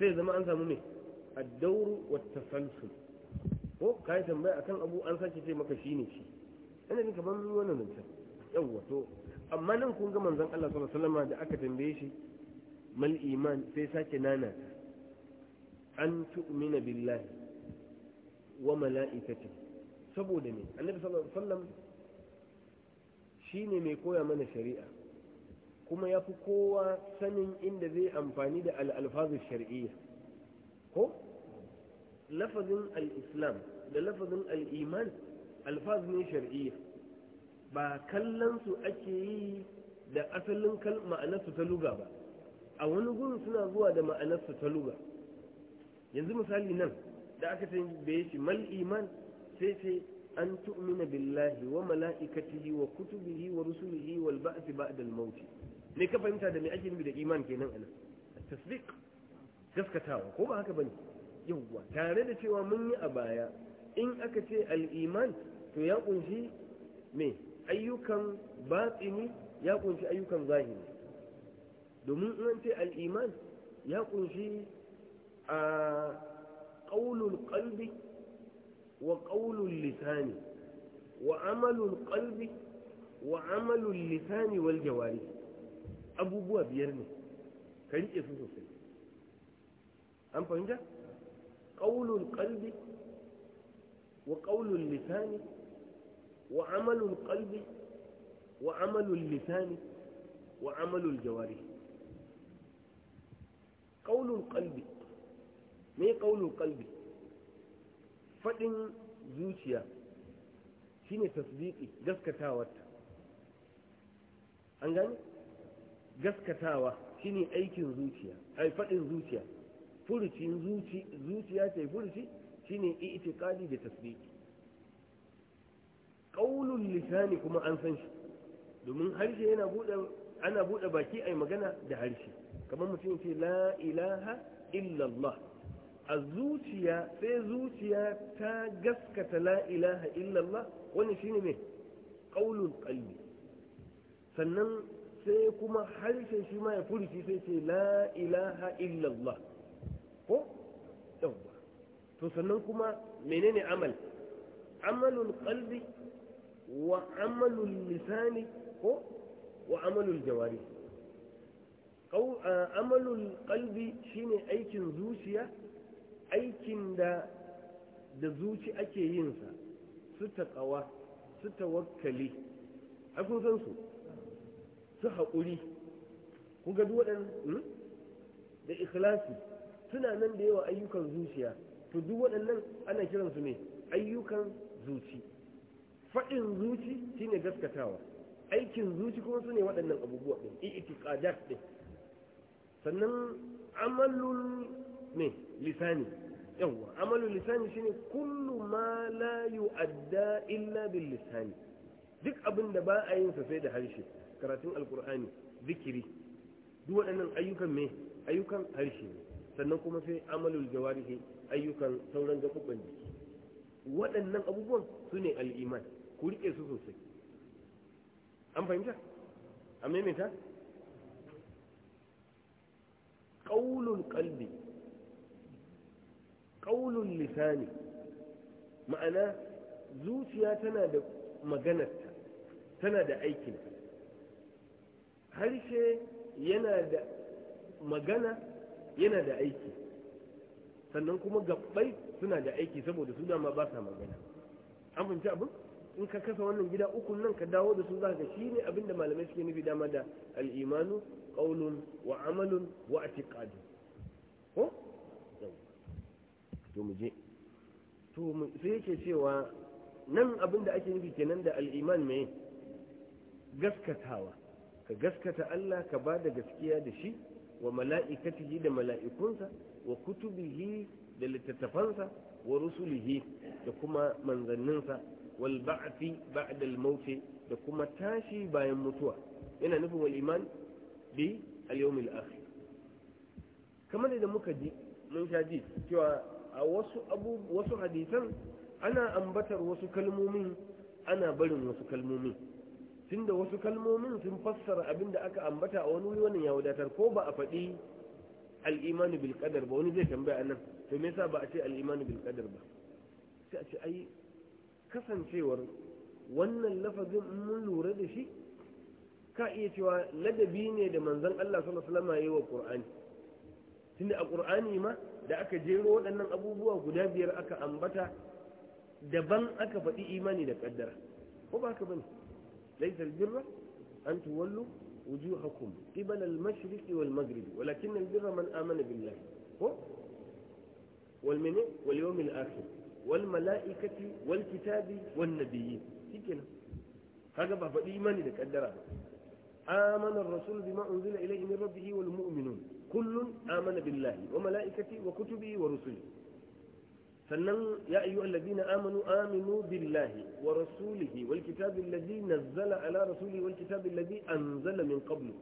sai zama an samu mai dauru wata falsun ko ka tambaya akan abu an sake ce maka shi ne shi ina jin kamar wani zancen yawwa to amma nan kun ga manzon Allah sallallahu alaihi wasallam da aka tambaye shi mal iman sai sake nana an tu'mina billahi wa mala'ikati saboda me annabi sallallahu alaihi shine mai koya mana shari'a kuma ya fi kowa sanin inda zai amfani da al'alfazin shari'iyya ko lafazin al'islam da lafazin al'iman alfaz ne shari'iyya ba kallonsu ake yi da asalin ma'anarsu ta luga ba a wani gurin suna zuwa da ma'anarsu ta luga yanzu misali nan da aka ce bai shi mal iman sai sai an tu'mina billahi wa mala'ikatihi wa kutubihi wa rusulihi wal ba'thi ba'da al maut ne ka fahimta da me ake nufi da iman kenan anan tasdiq gaskatawa ko ba haka bane yawwa tare da cewa mun yi a baya in aka ce al iman to ya kunshi me ayyukan batini ya kunshi ayyukan zahiri domin in an ce al iman ya kunshi ƙaunul ƙalbi wa ƙaunul lisani wa amalul ƙalbi wa amalul lisani wal jawari abubuwa biyar ne ka riƙe sosai an fahimta ƙaunul ƙalbi wa ƙaunul lisani wa amalul ƙalbi wa amalul wa amalul jawari me kaulu kalbi faɗin zuciya shine tasdiqi gaskatawarta an gani gaskatawa shine aikin zuciya ai faɗin zuciya furucin zuciya ta furuci shine i'tiqadi da tasdiqi qaulul lisani kuma an san shi domin harshe yana bude ana bude baki ai magana da harshe kamar mutum ce la ilaha illallah a zuciya sai zuciya ta gaskata la ilaha illallah wani shine mai ƙaunin ƙalbi sannan sai kuma harshen shi ma ya furici sai ce la ilaha illallah ko yawwa to sannan kuma menene amal amalul ƙalbi wa amalul lisani ko wa amalul jawari amalul ƙalbi shine aikin zuciya aikin da da zuci ake yinsa su ta kawa, su tawakkali a kun su su haƙuri ku ga waɗannan hmm? da ikhlasi suna nan da yawa ayyukan zuciya to duk waɗannan ana kiransu ne ayyukan zuci faɗin zuci shine gaskatawa aikin zuci kuma su ne waɗannan abubuwa ɗin i'tiqadat ɗin sannan amalun ne lisani yawa amalu lisani shine kullu ma la yu'adda illa bil lisani duk abin da ba a yin sa sai da harshe karatun alkur'ani zikiri duk waɗannan ayyukan me ayyukan harshe ne sannan kuma sai amalul jawarihi ayyukan sauran gaɓuɓɓen jiki waɗannan abubuwan su ne al'iman ku riƙe su sosai an fahimta a maimaita ƙaunul ƙalbi ƙaulun lisani ma'ana zuciya tana da maganarta tana da aikinta harshe yana da magana yana da aiki sannan kuma gabbai suna da aiki saboda su dama ba sa magana an abin in ka kasa wannan gida ukun nan ka dawo da su za ka shi ne abinda malamai suke nufi dama da al'imanu ƙaunun wa amalun wa a ko to mu je to sai yake cewa nan abin da ake nufi kenan da al'iman mai gaskatawa ka gaskata Allah ka ba da gaskiya da shi wa mala'ikatihi da mala'ikunsa wa kutubihi da littattafansa wa rusulihi da kuma manzanninsa wal ba'fi ba'da al mauti da kuma tashi bayan mutuwa yana nufin wal iman bi al yawm al akhir kamar da muka ji mun sha ji cewa a wasu abu wasu hadisan ana ambatar wasu kalmomin ana barin wasu kalmomin tunda wasu kalmomin sun fassara abin da aka ambata a wani wannan ya wadatar ko ba a faɗi al'imani bil ba wani zai tambaya nan to me yasa ba a ce al'imani bil qadar ba sai a ce ai kasancewar wannan lafazin in mun lura da shi ka iya cewa ladabi ne da manzon Allah sallallahu alaihi wasallam yayi wa Qur'ani tunda a Qur'ani ma da aka jero waɗannan abubuwa guda biyar aka ambata daban aka faɗi imani da ƙaddara ko ba ka bane laisar birra an tuwallu wujuhakum qibala al-mashriq wal maghrib walakin al-birra man amana billahi ko wal min wal yawm al-akhir wal mala'ikati wal kitabi wan nabiyyin shikenan kaga ba faɗi imani da ƙaddara ba amana ar-rasul bima unzila ilayhi min rabbih wal mu'minun kullun amana billahi wa mala'ikati wa kutubi wa rusuli sannan ya ayyu allazina amanu aminu billahi wa rasulihi wal kitabi allazi nazzala ala rasulihi wal kitabi allazi anzala min qablu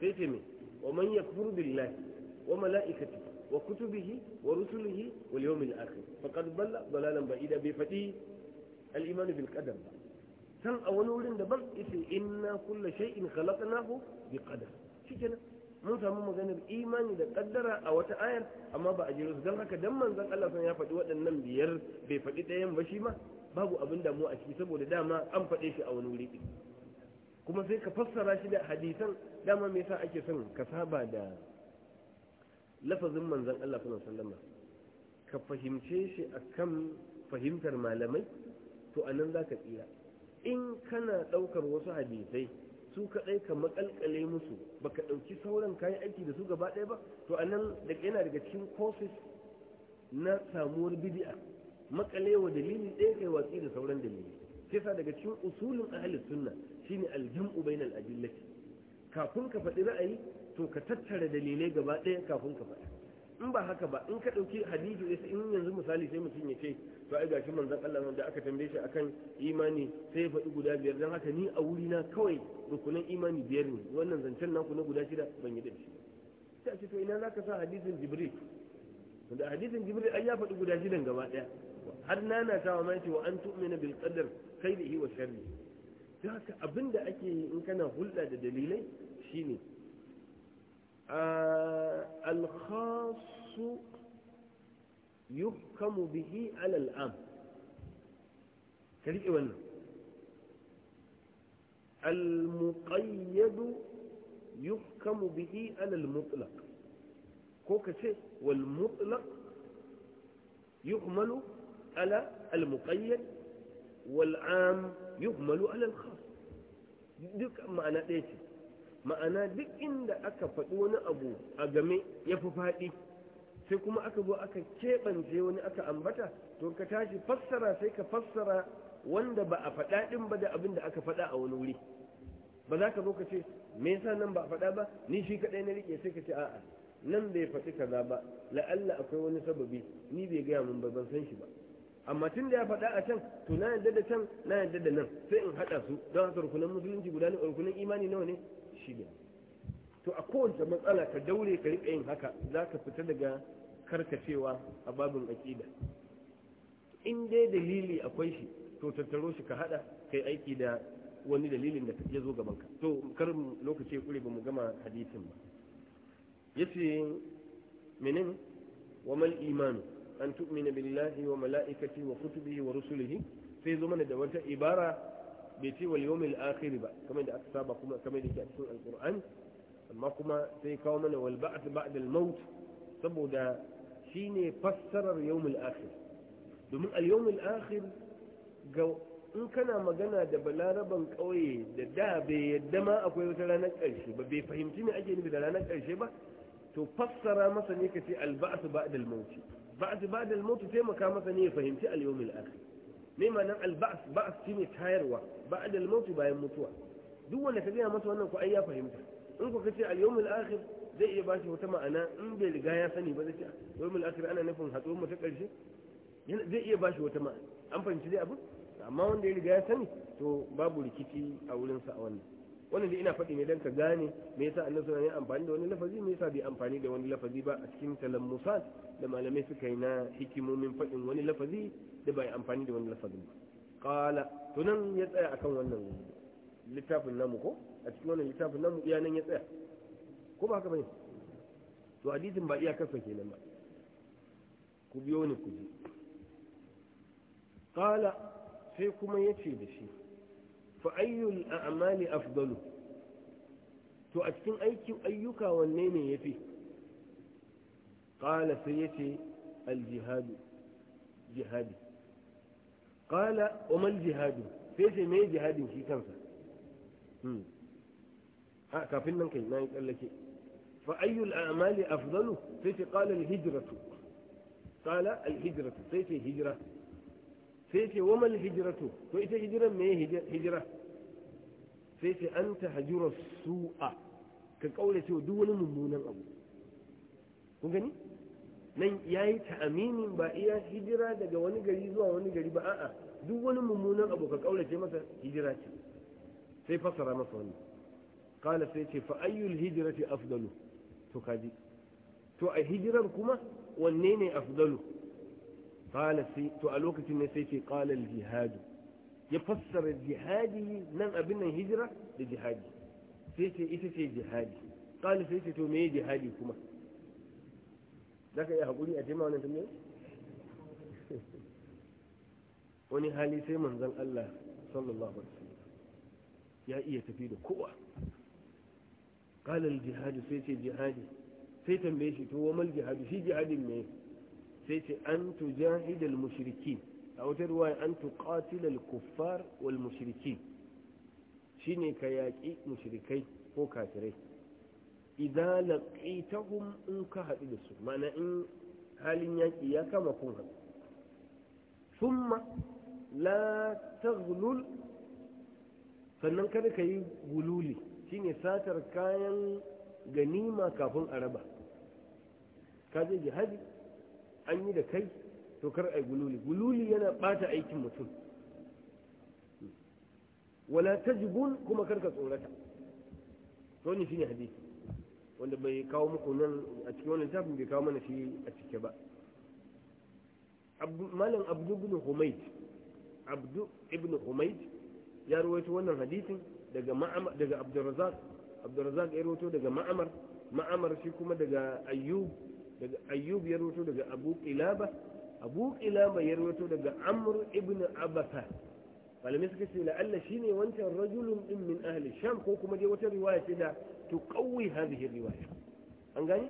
sai ce me wa man yakfur billahi wa mala'ikati wa kutubihi wa rusulihi wal yawmil akhir faqad balla dalalan fadi san a wani wurin daban yace inna kullu shai in bi qadar shikenan mun samu maganar imani da kaddara a wata ayar amma ba a jero su don haka dan manzon Allah san ya faɗi waɗannan biyar bai faɗi ɗayan ba shi ma babu abin damuwa a ciki saboda dama an faɗe shi a wani wuri kuma sai ka fassara shi da hadisan dama me yasa ake son ka saba da lafazin manzon Allah sallallahu alaihi wasallam ka fahimce shi akan fahimtar malamai to anan zaka tsira in kana ɗaukar wasu hadisai su kaɗai ka makalkale musu baka ɗauki sauran kayan aiki da su gaba ɗaya ba to a da yana daga cikin courses na samuwar bid'a maƙalewa dalili ɗaya kai watsi da sauran dalili sai sa daga cikin usulin ahli sunna shine aljam'u bainal adillati kafin ka faɗi ra'ayi to ka tattara dalilai gaba ɗaya kafin ka faɗi in ba haka ba in ka ɗauki hadisi ya in yanzu misali sai mutum ya ce to ai gashi manzon Allah da aka tambaye shi akan imani sai ya faɗi guda biyar dan haka ni a wuri na kawai rukunan imani biyar ne wannan zancen naku na guda shida ban yi da shi sai a ce to ina zaka sa hadisin Jibril da hadisin Jibril ai ya faɗi guda shidan gaba ɗaya har nana tawa ma ce wa an tu'mina bil qadar khairihi wa sharrihi haka abinda ake yi in kana hulɗa da dalilai shine آه الخاص يحكم به على العام كذلك إيوانا المقيد يحكم به على المطلق كوكسي والمطلق يحمل على المقيد والعام يحمل على الخاص ديك معنى ايه ma'ana duk inda aka faɗi wani abu a game ya fi faɗi sai kuma aka zo aka keɓance wani aka ambata to ka tashi fassara sai ka fassara wanda ba a faɗa ɗin ba da abin da aka faɗa a wani wuri ba za ka zo ka ce me yasa nan ba a faɗa ba ni shi kaɗai na riƙe sai ka ce a'a nan bai faɗi kaza ba la'alla akwai wani sababi ni bai gaya min ba ban san shi ba amma tun da ya faɗa a can to na yadda da can na yadda da nan sai in haɗa su don haka rukunan musulunci guda ne rukunan imani nawa ne shi ne to a kowace matsala ka daure ka riƙa yin haka za ka fita daga karkacewa a babin aƙida in dai dalili akwai shi to tattaro shi ka haɗa kai aiki da wani dalilin da ya zo gaban ka to kar lokaci kure ba mu gama hadisin ba yace menene wa mal imanu an tu'mina billahi wa mala'ikati wa kutubihi wa rusulihi sai zo mana da wata ibara bai ce wal yawmil akhir ba kamar da aka saba kuma kamar da yake a cikin alqur'ani amma kuma sai kawo mana wal ba'd ba'da al maut saboda shine fassarar yawmil akhir domin al yawmil akhir ga in kana magana da balaraban kauye da da bai yadda ma akwai wata ranar karshe ba bai fahimci me ake nufi da ranar karshe ba to fassara masa ne kace al ba'd ba'da al maut ba'd ba'da al maut sai maka masa ne ya fahimci al yawmil akhir mai nan alba'as ba'as shi ne tayarwa ba al-mautu bayan mutuwa duk wanda ka gaya masa wannan ku ai ya fahimta in ku kace al-yawmul akhir zai iya bashi wata ma'ana in bai riga ya sani ba zai ce yawmul akhir ana nufin hatsuwar mu ta karshe zai iya bashi wata ma'ana an fahimci dai abu amma wanda ya riga ya sani to babu rikici a wurin a wannan wannan da ina faɗi ne don ka gane me yasa annabi sallallahu alaihi amfani da wani lafazi me yasa bai amfani da wani lafazi ba a cikin talammusat da malamai suka yi na hikimomin faɗin wani lafazi da bai amfani da wani lafazi. ba qala to nan ya tsaya akan wannan littafin namu ko a cikin wannan littafin namu iya nan ya tsaya ko ba haka bane to hadisin ba iyakarsa kenan ba ku biyo ni ku ji qala sai kuma yace da shi fa a a'mali afdalu to a cikin aiki ayyuka wanne ne ya fi? ƙala sai yace al jihad jihadi qala wa mal jihad sai ce me jihadin shi kansa hmm. a kafin nan kai na yi tsallake fa a a'mali afdalu sai ce ƙala al hijratu qala sai ce hijra sai ce wa mal hijratu to ita hijiran me hijira sai ce an ta hajura su'a ka kaure cewa duk wani mummunan abu kun gani nan yayi ta'aminin ba iya hijira daga wani gari zuwa wani gari ba a'a duk wani mummunan abu ka kaurace masa hijira ce sai fasara masa wannan kala sai ce fa ayyul hijrati afdalu to kaji to a hijirar kuma wanne ne afdalu qala sai a lokacin ne sai ce qala al ya fassara jihadi nan abin nan hijira da jihadi sai ce ita ce jihadi qala sai ce to me jihadi kuma zaka iya hakuri a jima wannan tambayar wani hali sai manzon Allah sallallahu alaihi wasallam ya iya tafi da kowa qala al sai ce jihadi sai tambaye shi to wa shi jihadin me sai ce an tujahidal mushrikin a wata ruwaya an tuqatilal kuffar wal mushrikin shine ka yaƙi mushrikai ko kafirai idan laqitahum in ka haɗu da su mana in halin yaƙi ya kama kun haɗu thumma la taghlul sannan kada ka yi gululi shine satar kayan ganima kafin a raba ka je jihadi an yi da kai to kar ai gululi gululi yana bata aikin mutum wala tajibun kuma kar ka tsorata to ne shine hadisi wanda bai kawo muku nan a cikin wannan tafin bai kawo mana shi a cike ba malam abdu ibn humayd abdu ibn humayd ya rawaito wannan hadisin daga ma'amar daga abdurrazzaq abdurrazzaq ya rawaito daga ma'amar ma'amar shi kuma daga ayyub daga ayyub ya rawaito daga abu qilaba abu ya rawaito daga amr ibn abasa malamai suka ce la'alla shine wancan rajulun din min ahli sham ko kuma dai wata riwaya ce da tuqawwi hazihin riwaya an gani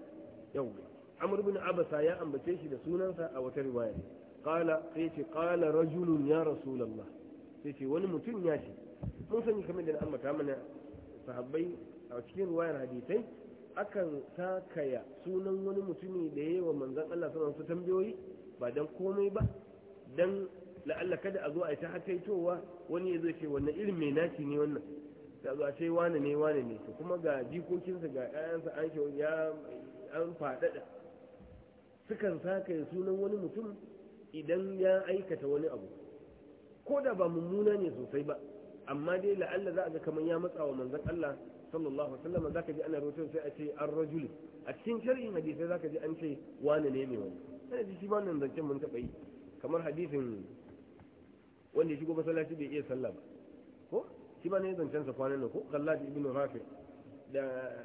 yawwa amr ibn abasa ya ambace shi da sunansa a wata riwaya qala sai ce qala rajulun ya rasulullah sai ce wani mutum ya ce mun sani kamar da na ambata mana sahabbai a cikin riwayar hadisai akan takaya sunan wani mutumi da yayi wa manzon Allah sallallahu alaihi tambayoyi ba dan komai ba dan la'alla kada a zo a yi ta hataitowa wani ya zai ce wannan irin mai naci ne wannan da zo a ce wani ne wani ne to kuma ga jikokinsa ga ƴaƴansa an shi ya an faɗaɗa sukan sakaya sunan wani mutum idan ya aikata wani abu ko da ba mummuna ne sosai ba amma dai la'alla za a ga kamar ya matsa wa manzon Allah sallallahu alaihi wasallam zaka ji ana rawaito sai a ce an rajuli a cikin shar'in hadisai zaka ji an ce wani ne ne wani sai ji shi ba wannan zancen mun taba yi kamar hadisin wanda ya shigo masallaci bai iya sallah ba ko shi ba ne zancen sa kwanan nan ko Khallad ibnu Rafi da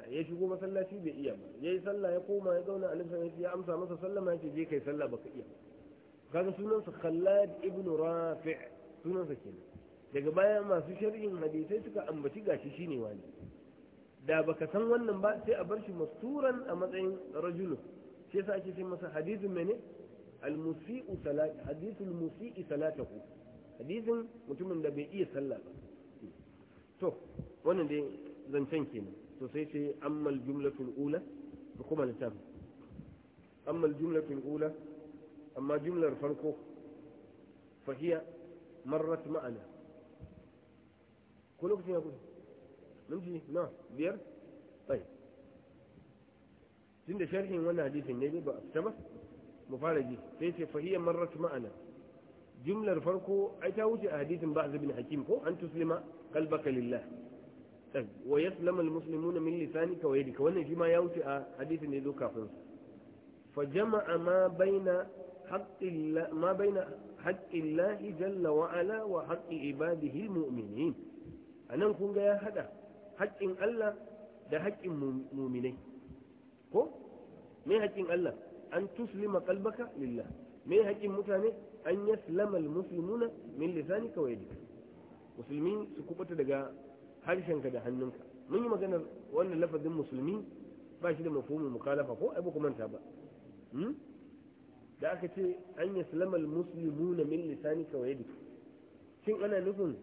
ya shigo masallaci bai iya ba yayi sallah ya koma ya zauna annabi ya amsa masa sallama yace je kai sallah baka iya kaga sunansa Khallad ibn Rafi sunansa kenan daga baya masu shari'in hadisai suka ambaci gashi shine wani da baka san wannan ba sai a bar shi masturan a matsayin rajulu shi yasa ake ce masa hadithun mene al-musi'u salat hadithul musi'i salatahu hadithin mutumin da bai iya sallah ba to wannan dai zancen kenan to sai ce ammal jumlatul ula da kuma littafin ammal jumlatul ula amma jumlar farko fahiya marrat ma'ana ko lokacin ya kusa منجي نعم بير طيب عند شرحي وانا حديث النبي بأسكمة مفارجي فهي, فهي مرت معنا جملة الفرقو ايتاوتي حديث بعض ابن حكيم هو ان تسلم قلبك لله طيب. ويسلم المسلمون من لسانك ويدك وانا جمع يوتي حديث النبي ذو كافر فجمع ما بين حق الله ما بين حق الله جل وعلا وحق عباده المؤمنين انا نكون جاي هذا haƙƙin Allah da haƙƙin muminai ko me haƙƙin Allah an tuslima qalbaka lillah me haƙƙin mutane an yaslama almuslimuna min lisanika wa yadika musulmi su kubuta daga harshenka da hannunka mun yi maganar wannan lafazin musulmi ba shi da mafhumin mukalafa ko ai ba manta ba hmm? da aka ce an yaslama almuslimuna min lisanika wa yadika shin ana nufin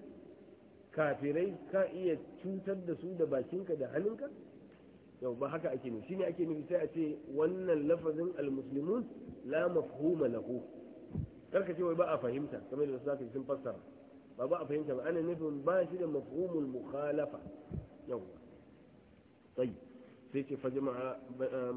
kafirai ka iya cutar da su da bakinka da hannunka yau ba haka ake nufi shine ake nufi sai a ce wannan lafazin almuslimun la mafhuma lahu karka ce wai ba a fahimta kamar da zaka sun fassara ba ba a fahimta ba ana nufin ba shi da mafhumul mukhalafa yau tayyib sai ce fa jama'a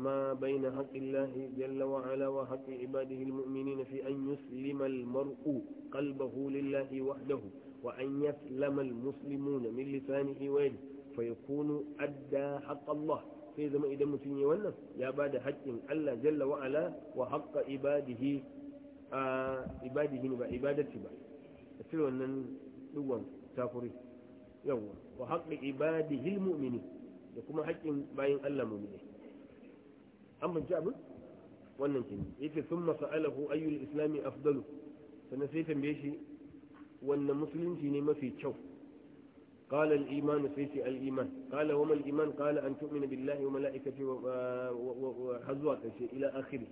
ma baina haqqillahi jalla wa ala wa haqqi ibadihi almu'minina fi an yuslima almar'u qalbahu lillahi wahdahu وأن يسلم المسلمون من لسانه ويده فيكون أدى حق الله sai zama idan mutum ya wannan ya ba da haƙƙin Allah jalla wa'ala wa haƙƙa ibadihi a ibadihi ba ibadati ba a cire wannan dugon takuri yawwa wa haƙƙa ibadihi mu'mini da kuma haƙƙin bayan Allah mu'mini an banci abin wannan ayyul islami afdalu sannan sai tambaye wannan musulunci ne mafi kyau قال الإيمان سيتي الإيمان قال وما الإيمان قال أن تؤمن بالله وملائكته وحزواته إلى آخره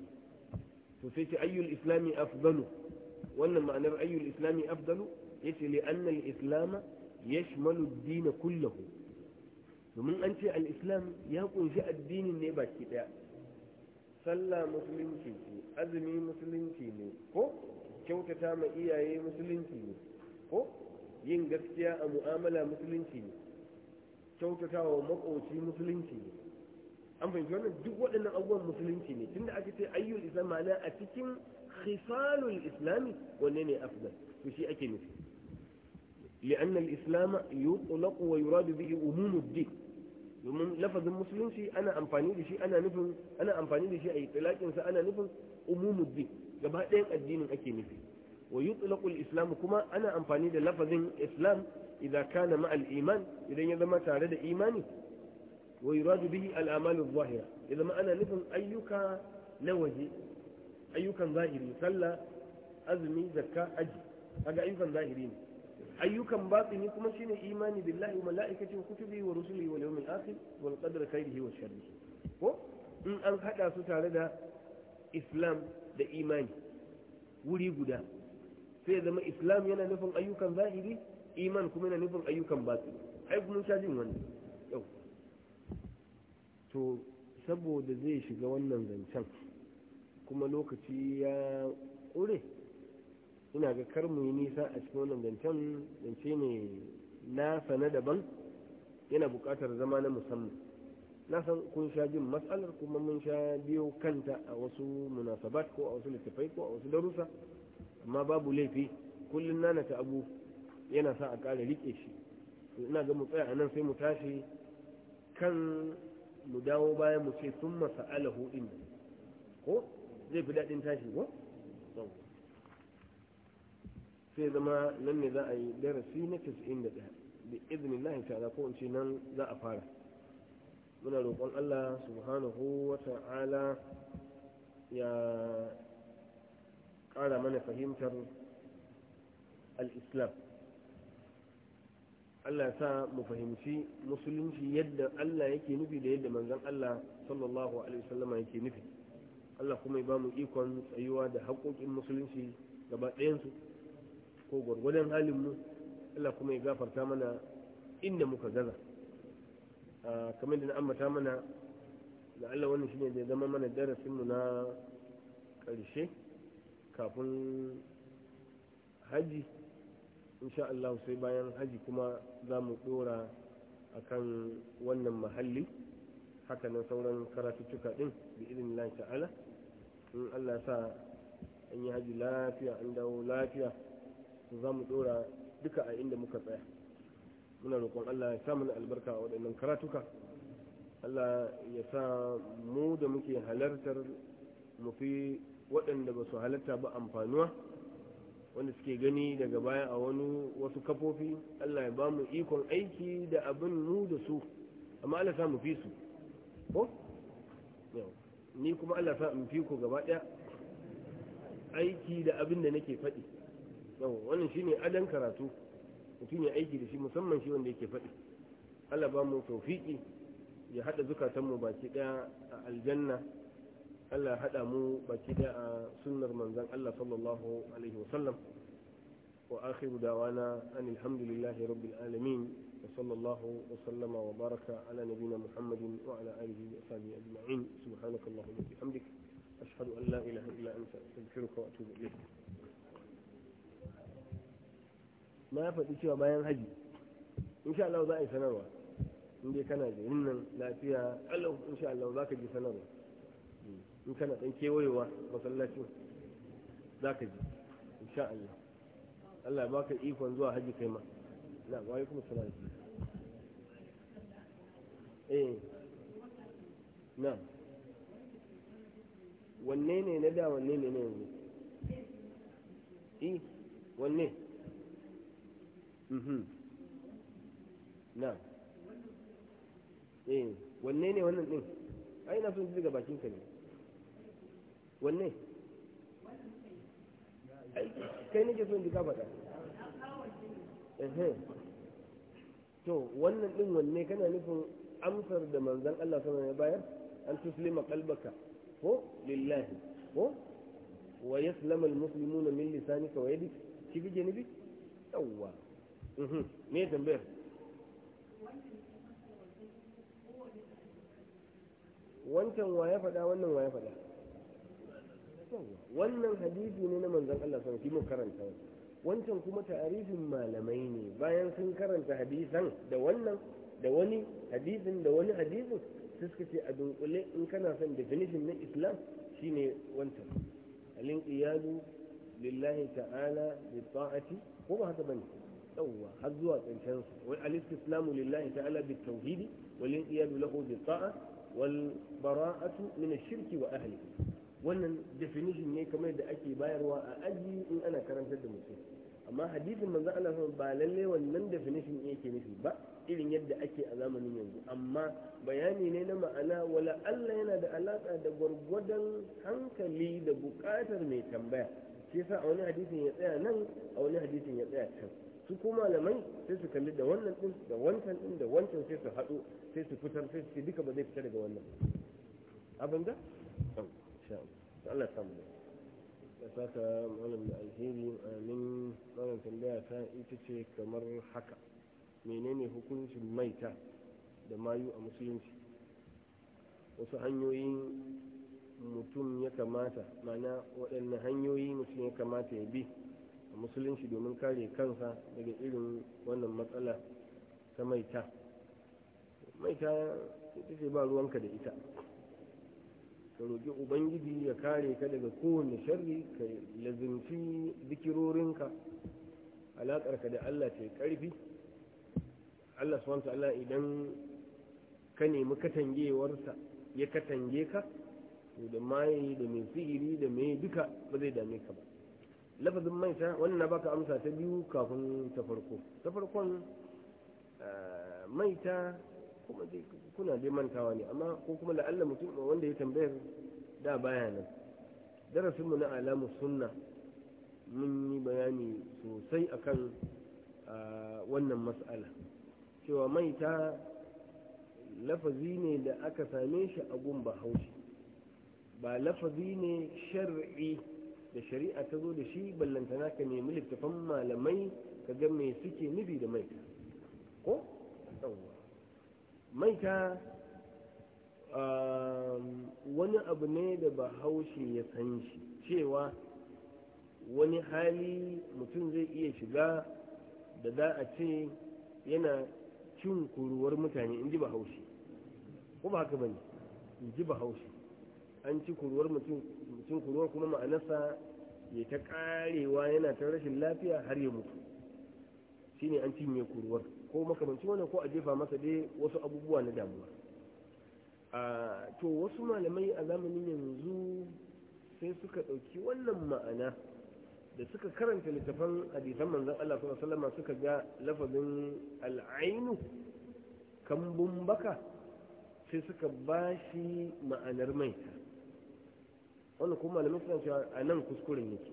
فسيتي أي الإسلام أفضل وأن معنى أي الإسلام أفضل يتي لأن الإسلام يشمل الدين كله ومن أنت الإسلام يكون جاء الدين النبا كده صلى مسلم كيتي أزمي مسلم كيتي كو كوتة تام إياي مسلم كيتي ko yin gaskiya a mu'amala musulunci ne kyautatawa makoci musulunci ne an fahimci wannan duk waɗannan abubuwan musulunci ne tunda ake ce ayyul islam ma'ana a cikin khisalul islami wanne ne afdal to shi ake nufi لأن الإسلام يطلق ويراد به أموم الدين domin lafazin musulunci ana amfani da shi ana nufin ana amfani da shi a itilakin sa ana nufin umumuddin gaba ɗayan addinin ake nufi wa yutlaqul islam kuma ana amfani da lafazin islam idan kana ma al idan ya zama tare da imani wa yuradu bihi al amalu adh-dhahira idan ana nufin ayyuka na ayyukan zahiri sallah azumi zakka aji kaga ayyukan zahiri ne ayyukan batini kuma shine imani billahi wa malaikatihi wa kutubihi wa rusulihi wal yawmil akhir wal qadri khairihi wa sharrihi ko in an haɗa su tare da islam da imani wuri guda sai zama islam yana nufin ayyukan zahiri iman kuma yana nufin ayyukan batsi ai mun sha jin wani yau to saboda zai shiga wannan zancen kuma lokaci ya ƙure ina ga kar mu yi nisa a cikin wannan zancen zance ne na sana daban yana bukatar zama na musamman na san kun sha jin matsalar kuma mun sha biyo kanta a wasu munasabat ko a wasu littafai ko a wasu darusa. amma babu laifi kullum nana ta abu yana sa a ƙara riƙe shi ina ga mu tsaya a nan sai mu tashi kan mu dawo bayan mu ce sun masa alahu ɗin ko zai fi daɗin tashi ko sai zama nan ne za a yi darasi na 91 da izinin lahi ta'ala ko in ce nan za a fara muna roƙon allah subhanahu wa ta'ala ya ƙara mana fahimtar al'islam Allah sa mu fahimci musulunci yadda Allah yake nufi da yadda manzan Allah sallallahu alaihi wasallama yake nufi Allah kuma ya ba mu ikon tsayuwa da haƙoƙin musulunci gaba ɗayansu ko gwargwadon halinmu Allah kuma ya gafarta mana inda muka gaza kamar da na ambata mana da Allah wannan shine da zama mana darasinmu na ƙarshe kafin haji insha Allah sai bayan haji kuma za mu dora akan wannan mahalli na sauran karatuttuka din da idin Allah ala in Allah sa an yi haji lafiya an dawo lafiya za mu dora duka a inda muka tsaya muna roƙon Allah ya sa mana albarka a waɗannan karatuka Allah ya sa mu da muke halartar mu fi waɗanda ba su halatta ba amfanuwa wanda suke gani daga baya a wani wasu kafofi Allah ya ba mu ikon aiki da abin mu da su amma Allah sa mu fi su ko ni kuma Allah sa mu fi ku gaba ɗaya aiki da abin da nake faɗi yau wannan shine adan karatu mutum ya aiki da shi musamman shi wanda yake faɗi Allah ba mu tawfiki ya haɗa zukatanmu baki ɗaya a aljanna Allah ya haɗa mu baki da a sunnar manzan Allah sallallahu alaihi wasallam wa akhiru dawana an alhamdulillahi rabbil alamin wa sallallahu wa sallama wa baraka ala nabina muhammadin wa ala alihi wa sahbihi ajma'in subhanakallahumma wa bihamdik ashhadu an la ilaha illa anta astaghfiruka wa atubu ilayk na faɗi cewa bayan haji sha Allah za a yi sanarwa in dai kana da nan lafiya Allah in sha Allah za ka ji sanarwa in kana ɗan kewayewa masallacin za ka ji insha Allah Allah ya baka ikon zuwa haji kai ma na wa alaikum salam eh na wanne ne na da wanne ne ne yanzu eh wanne mhm na eh wanne ne wannan din ai na son ji daga bakin ka ne wanne kai nake so ji faɗa. to wannan din wanne kana nufin amsar da manzan Allah sama ya bayar an tuslima qalbaka ko lillahi ko wa yaslama almuslimuna min lisanika wa yadik shi bige ni bi yawwa me tambayar wancan wa ya faɗa wannan wa ya faɗa wannan hadisi ne na manzon Allah sun shi mu karanta wancan kuma ta'arifin malamai ne bayan sun karanta hadisan da wannan da wani hadisin da wani hadisin suka ce a dunkule in kana son definition na islam shine wancan alin iyalu lillahi ta'ala bi ta'ati ko ba haka bane yawwa har zuwa karshen su wal istislamu lillahi ta'ala bi tauhidi wal iyalu lahu bi ta'a wal bara'atu min shirki wa ahlihi wannan definition ne kamar da ake bayarwa a aji in ana karantar da mutum amma hadisin manzo Allah ba lalle wannan definition yake nufi ba irin yadda ake a zamanin yanzu amma bayani ne na ma'ana wala Allah yana da alaka da gwargwadon hankali da bukatar mai tambaya shi yasa a wani hadisin ya tsaya nan a wani hadisin ya tsaya can su ko malamai sai su kalli da wannan din da wancan din da wancan sai su haɗu sai su fitar sai su duka ba zai fita daga wannan abin da insha Allah da saka malam da alheri amin malam tambaya ta ita ce kamar haka menene hukuncin maita da mayu a musulunci wasu hanyoyin mutum ya kamata mana waɗanne hanyoyi mutum ya kamata ya bi a musulunci domin kare kansa daga irin wannan matsala ta maita maita ita ce ba ruwanka da ita ka roƙi ubangiji ya kare ka daga kowane sharri ka lazimci zikirorinka ka da Allah ta ƙarfi Allah subhanahu ta'ala idan ka nemi katangewarsa ya katange ka to da maye da mai sihiri da mai duka ba zai dame ka ba lafazin maita wannan baka amsa ta biyu kafin ta farko ta farkon eh, maita kuma dai kuna dai mantawa ne amma ko kuma la'alla mutum wanda ya tambaya da baya nan darasinmu na alamu sunna mun yi bayani sosai akan wannan mas'ala cewa mai ta lafazi ne da aka same shi a gun bahaushe ba lafazi ne shar'i da shari'a ta zo da shi ballantana ka nemi littafan malamai ka ga me suke nufi da maita ko? maita um, wani abu ne da bahaushe ya san shi cewa wani hali mutum zai iya shiga da za a ce yana cin kuruwar mutane in ji bahaushe ko ba haka ba ne in ji bahaushe an ci kuruwar mutum kuruwar kuma ma'anarsa ya ta karewa yana ta rashin lafiya har ya mutu shine an cinye kuruwar ko makamanci wannan ko a jefa masa dai wasu abubuwa na damuwa to wasu malamai a zamanin yanzu sai suka ɗauki wannan ma'ana da suka karanta littafan hadisan manzon Allah sallallahu alaihi wasallam suka ga lafazin al'ainu kambun baka sai suka bashi ma'anar maita wannan kuma malamai suna cewa a nan kuskuren yake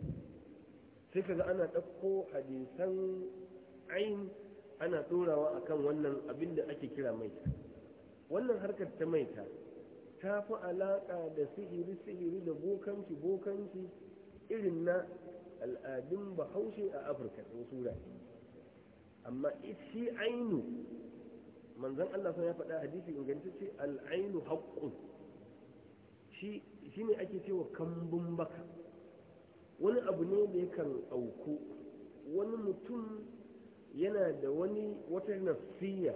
sai kaga ana ɗauko hadisan ainu ana ɗorawa kan wannan abin da ake kira maita wannan harkar ta maita ta fi alaƙa da sihiri sihiri da bokanci bokanci irin na al'adun bahaushe a afirka ɗin sura amma shi ainu manzan allah sun ya faɗa hadisi ingantacce al'ainu haƙƙun shi ne ake cewa kambun baka wani abu ne da kan auku wani mutum yana da wani wata nafsiya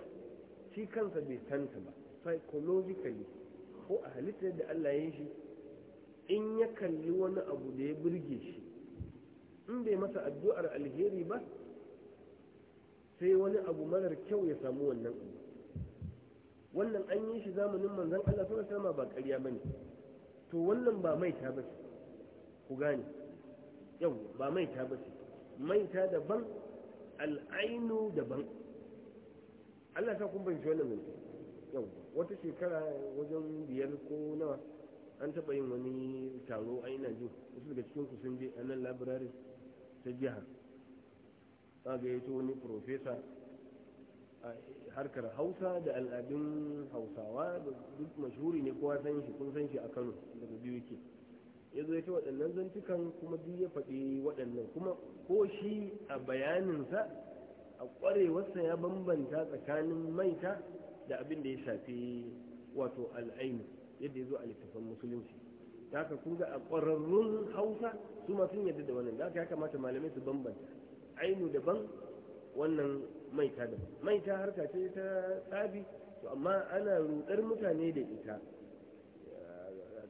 shi kansa bai santa ba psychologically ko a halittar da Allah ya shi in ya kalli wani abu da ya birge shi in bai masa addu'ar alheri ba sai wani abu marar kyau ya samu wannan abu wannan an yi shi zamanin manzan Allah suna sama ba karya ba ne to wannan ba mai ta ba ku gane yau ba mai ta ba ce maita daban al'ainu daban Allah ta kun banci wannan mutum yau wata shekara wajen biyar ko nawa an taba yin wani taro a ina jin wasu daga cikin ku sun je a nan labirari ta jiha ta ga yato wani profesa a harkar hausa da al'adun hausawa da duk mashuri ne kowa san shi kun san shi a kano daga biyu ke ya zo ya ta waɗannan zantukan kuma duk ya faɗi waɗannan kuma ko shi a bayaninsa a ƙwarewarsa ya bambanta tsakanin maita da abin da ya shafi wato al'ainu yadda ya zo a littafin musulunci ta haka kun ga a ƙwararrun hausa su ma sun yadda da wannan da haka ya kamata malamai su bambanta ainu daban wannan maita daban maita harka ce ta tsabi to amma ana rudar mutane da ita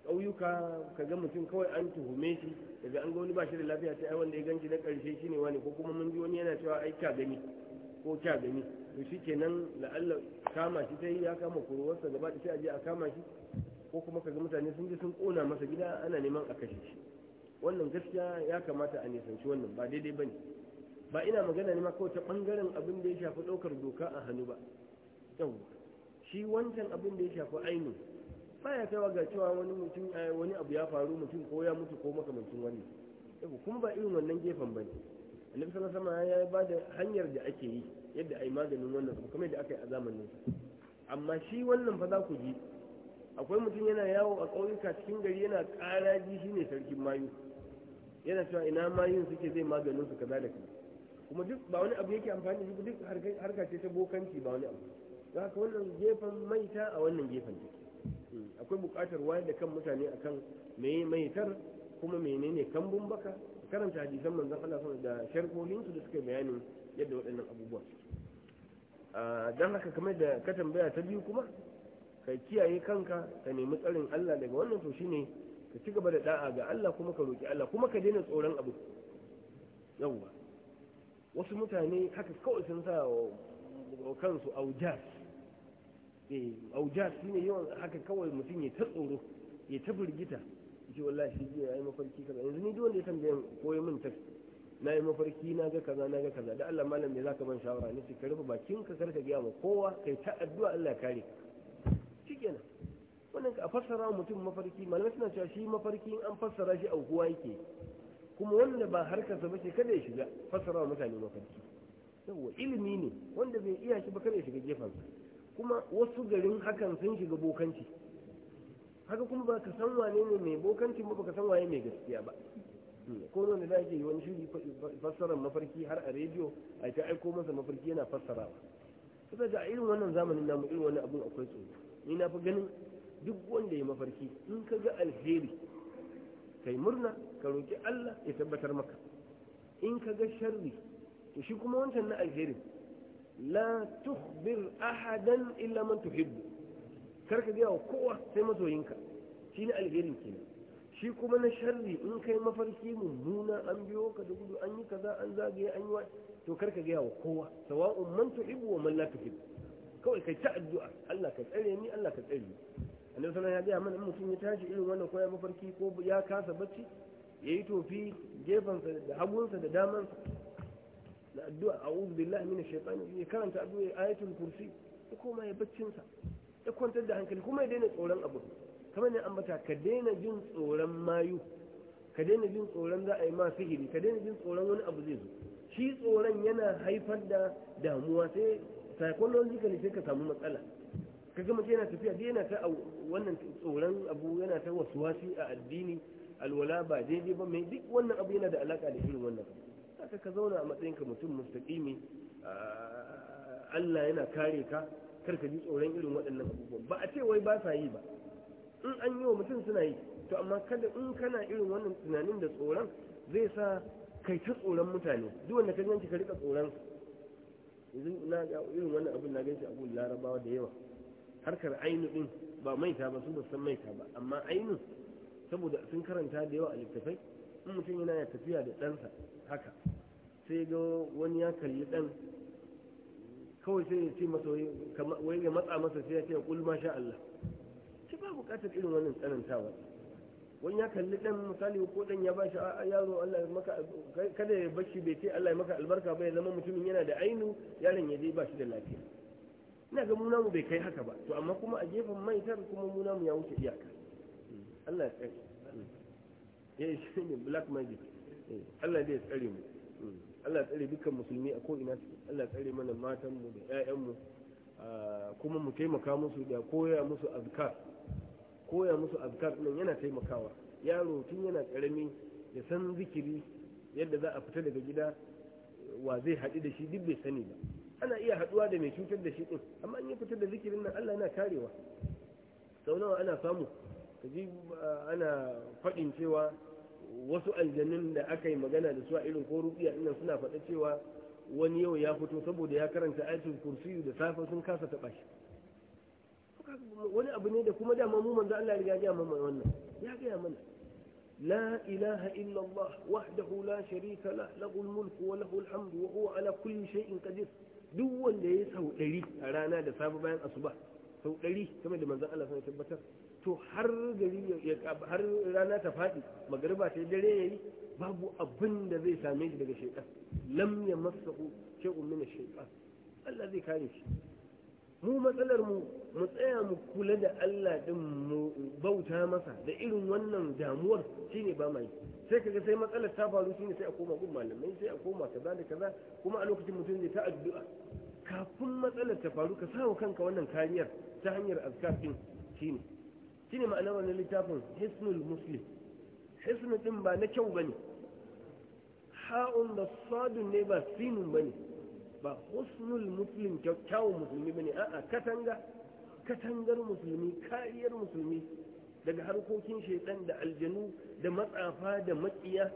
ƙauyuka ka ga mutum kawai an tuhume shi daga an ga wani ba shi da lafiya sai ai wanda ya ganci na ƙarshe shi ne wani ko kuma mun ji wani yana cewa ai kya gani ko kya gani to nan la'alla kama shi sai ya kama kuruwarsa gaba da sai a je a kama shi ko kuma kaga mutane sun je sun ƙona masa gida ana neman a kashe shi wannan gaskiya ya kamata a nisanci wannan ba daidai ba ne ba ina magana ne ma kawai ta ɓangaren abin da ya shafi ɗaukar doka a hannu ba yau shi wancan abin da ya shafi ainu baya kaiwa ga cewa wani mutum eh, wani abu ya faru mutum ko ya mutu ko makamancin wani yau kuma ba irin wannan gefen bane annabi sallallahu alaihi wasallam ya ba da hanyar da ake yi yadda ai maganin wannan kuma kamar yadda aka yi a zamanin amma shi wannan fa za ku ji akwai mutum yana yawo a ƙauyuka cikin gari yana ƙaraji shine sarkin mayu yana cewa ina mayun suke zai maganin su kaza da kaza kuma duk ba wani abu yake amfani da shi duk harka ce ta bokanci ba wani abu haka ka wannan gefen maita a wannan gefen take Hmm, akwai bukatar wayar da kan mutane akan kan mai tar kuma menene kambun baka karanta hadisan manzon Allah sun da sharhohin su da suka bayanin yadda waɗannan abubuwa ah, dan haka kamar da ka tambaya ta biyu kuma ka kiyaye kanka ka nemi tsarin Allah daga wannan to shine ka ci gaba da da'a ga Allah kuma ka roki Allah kuma ka daina tsoron abu yawwa wasu mutane haka kawai sun sa kansu aujas Eh, auja shi ne yawan haka kawai mutum ya ta tsoro ya ta birgita ji wallahi shi ya yi mafarki kaza yanzu ni duwanda ya tambaye koyi min ta na yi mafarki na ga kaza na ga kaza da Allah malam me zaka ban shawara ne ka rufe bakin ka karka ga ma kowa kai ta addu'a Allah kare shikenan wannan ka fassara mutum mafarki malamai suna cewa shi mafarki an fassara shi aukuwa yake kuma wanda ba harkarsa ba ce kada ya shiga fassara mutane mafarki yawa ilimi ne wanda bai iya shi ba kada ya shiga gefansa kuma wasu garin hakan sun shiga bokanci haka kuma ba ka san wane ne mai bokanci ba ka san waye mai gaskiya ba hmm, ko wanda da yi wani shiri fassarar mafarki har a rediyo a ta aiko masa mafarki yana fassarawa kusa da irin wannan zamanin namu irin wani abin akwai tsoro ni na fi ganin duk wanda ya mafarki in ka ga alheri kai murna ka roki Allah ya tabbatar maka in ka ga sharri to shi kuma wancan na alheri. la tukhbir ahadan illa man tuhibbu kar ka gaya wa kowa sai masoyinka shi ne alherin kenan shi kuma na sharri in kai mafarki mummuna an biyo ka da gudu an yi kaza an zagaye an yi wa to kar ka gaya wa kowa sawa'un man tuhibbu wa man la tuhibbu kawai kai ta addu'a Allah ka tsare ni Allah ka tsare ni annabi sallallahu alaihi wasallam ya mutum ya tashi irin wannan ko mafarki ko ya kasa bacci yayi tofi gefansa da hagunsa da damansa da addu'a a'udhu billahi minash shaitani ya karanta addu'a ayatul kursi ya koma ya baccin sa ya kwantar da hankali kuma ya daina tsoron abu kamar ne ambata ka daina jin tsoron mayu ka daina jin tsoron za a yi ma sihiri ka daina jin tsoron wani abu zai zo shi tsoron yana haifar da damuwa sai psychologically sai ka samu matsala ka gama yana tafiya dai yana ta wannan tsoron abu yana ta wasi a addini alwala ba daidai ba mai duk wannan abu yana da alaka da irin wannan saka ka zauna a ka mutum mustaqimi Allah yana kare ka kar ka ji tsoron irin waɗannan abubuwan ba a ce wai ba sa yi ba in an yi wa mutum suna yi to amma kada in kana irin wannan tunanin da tsoron zai sa kai ta tsoron mutane duk wanda ka ganci ka rika tsoron yanzu na ga irin wannan abin na ganci abu larabawa da yawa harkar ainu din ba maita ba su ba san maita ba amma ainu saboda sun karanta da yawa a littafai in mutum yana tafiya da ɗansa haka sai ga wani ya kalli dan kawai sai ya ce masa wai ya matsa masa sai ya ce kul ma sha Allah shi ba bukatar irin wannan tsanantawa wani ya kalli dan misali ko dan ya bashi yaro Allah maka kada ya bashi bai ce Allah maka albarka ba ya zama mutumin yana da ainu yaron ya je ba shi da lafiya ina ga muna mu bai kai haka ba to amma kuma a gefen maitar kuma muna mu ya wuce iyaka Allah ya ya yi eh, shi ne black magic Allah zai tsare mu Allah tsare dukkan musulmi a ko'ina Allah tsare mana matanmu da 'ya'yanmu kuma mu taimaka musu da koya musu azkar koya musu azkar nan yana taimakawa yaro tun yana karami ya san zikiri yadda za a fita daga gida wa zai haɗu da shi duk bai sani ba ana iya haɗuwa da mai cutar da shi ɗin amma an yi fita da zikirin nan Allah yana karewa sau nawa ana samu Ka ji ana faɗin cewa wasu aljanun da aka yi magana da su a irin ko rubiya ina suna faɗa cewa wani yau ya fito saboda ya karanta ayatul kursi da safe sun kasa taɓa shi wani abu ne da kuma dama mu manzo Allah ya gaya mana wannan ya gaya mana لا إله إلا الله وحده لا شريك له له الملك وله الحمد وهو على كل duk wanda ya sau ɗari a rana da safe bayan asuba sau ɗari kamar da manzan Allah sun tabbatar to har gari har rana ta faɗi magariba ta dare yayi babu abin da zai same shi daga shaitan lam ya masahu shay'un min shaitan Allah zai kare shi mu matsalar mu mu tsaya mu kula da Allah din mu bauta masa da irin wannan damuwar shine ba mai sai kaga sai matsalar ta faru shine sai a koma gun malamai sai a koma kaza da kaza kuma a lokacin mutum zai ta addu'a kafin matsalar ta faru ka sawo kanka wannan kariyar ta hanyar azkar din shine shine ma'anar wannan littafin hisnul muslim hisnu din ba na kyau bane ha'un da sadun ne ba sinun bane ba husnul muslim kyau musulmi bane a'a katanga katangar musulmi kariyar musulmi daga harkokin shaitan da aljanu da matsafa da maƙiya.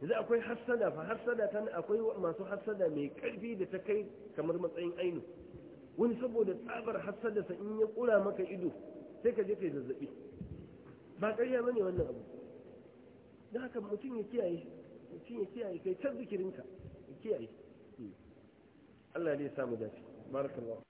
yanzu akwai hassada fa hassada tana akwai masu hassada mai karfi da ta kai kamar matsayin ainu wani saboda tsabar hassadarsa in ya kura maka ido sai ka je kai zazzabi ba ƙarya bane wannan abu don haka mutum ya kiyaye mutum ya kiyaye kai can zikirinka ya kiyaye hmm. Allah ne ya samu dace barakallahu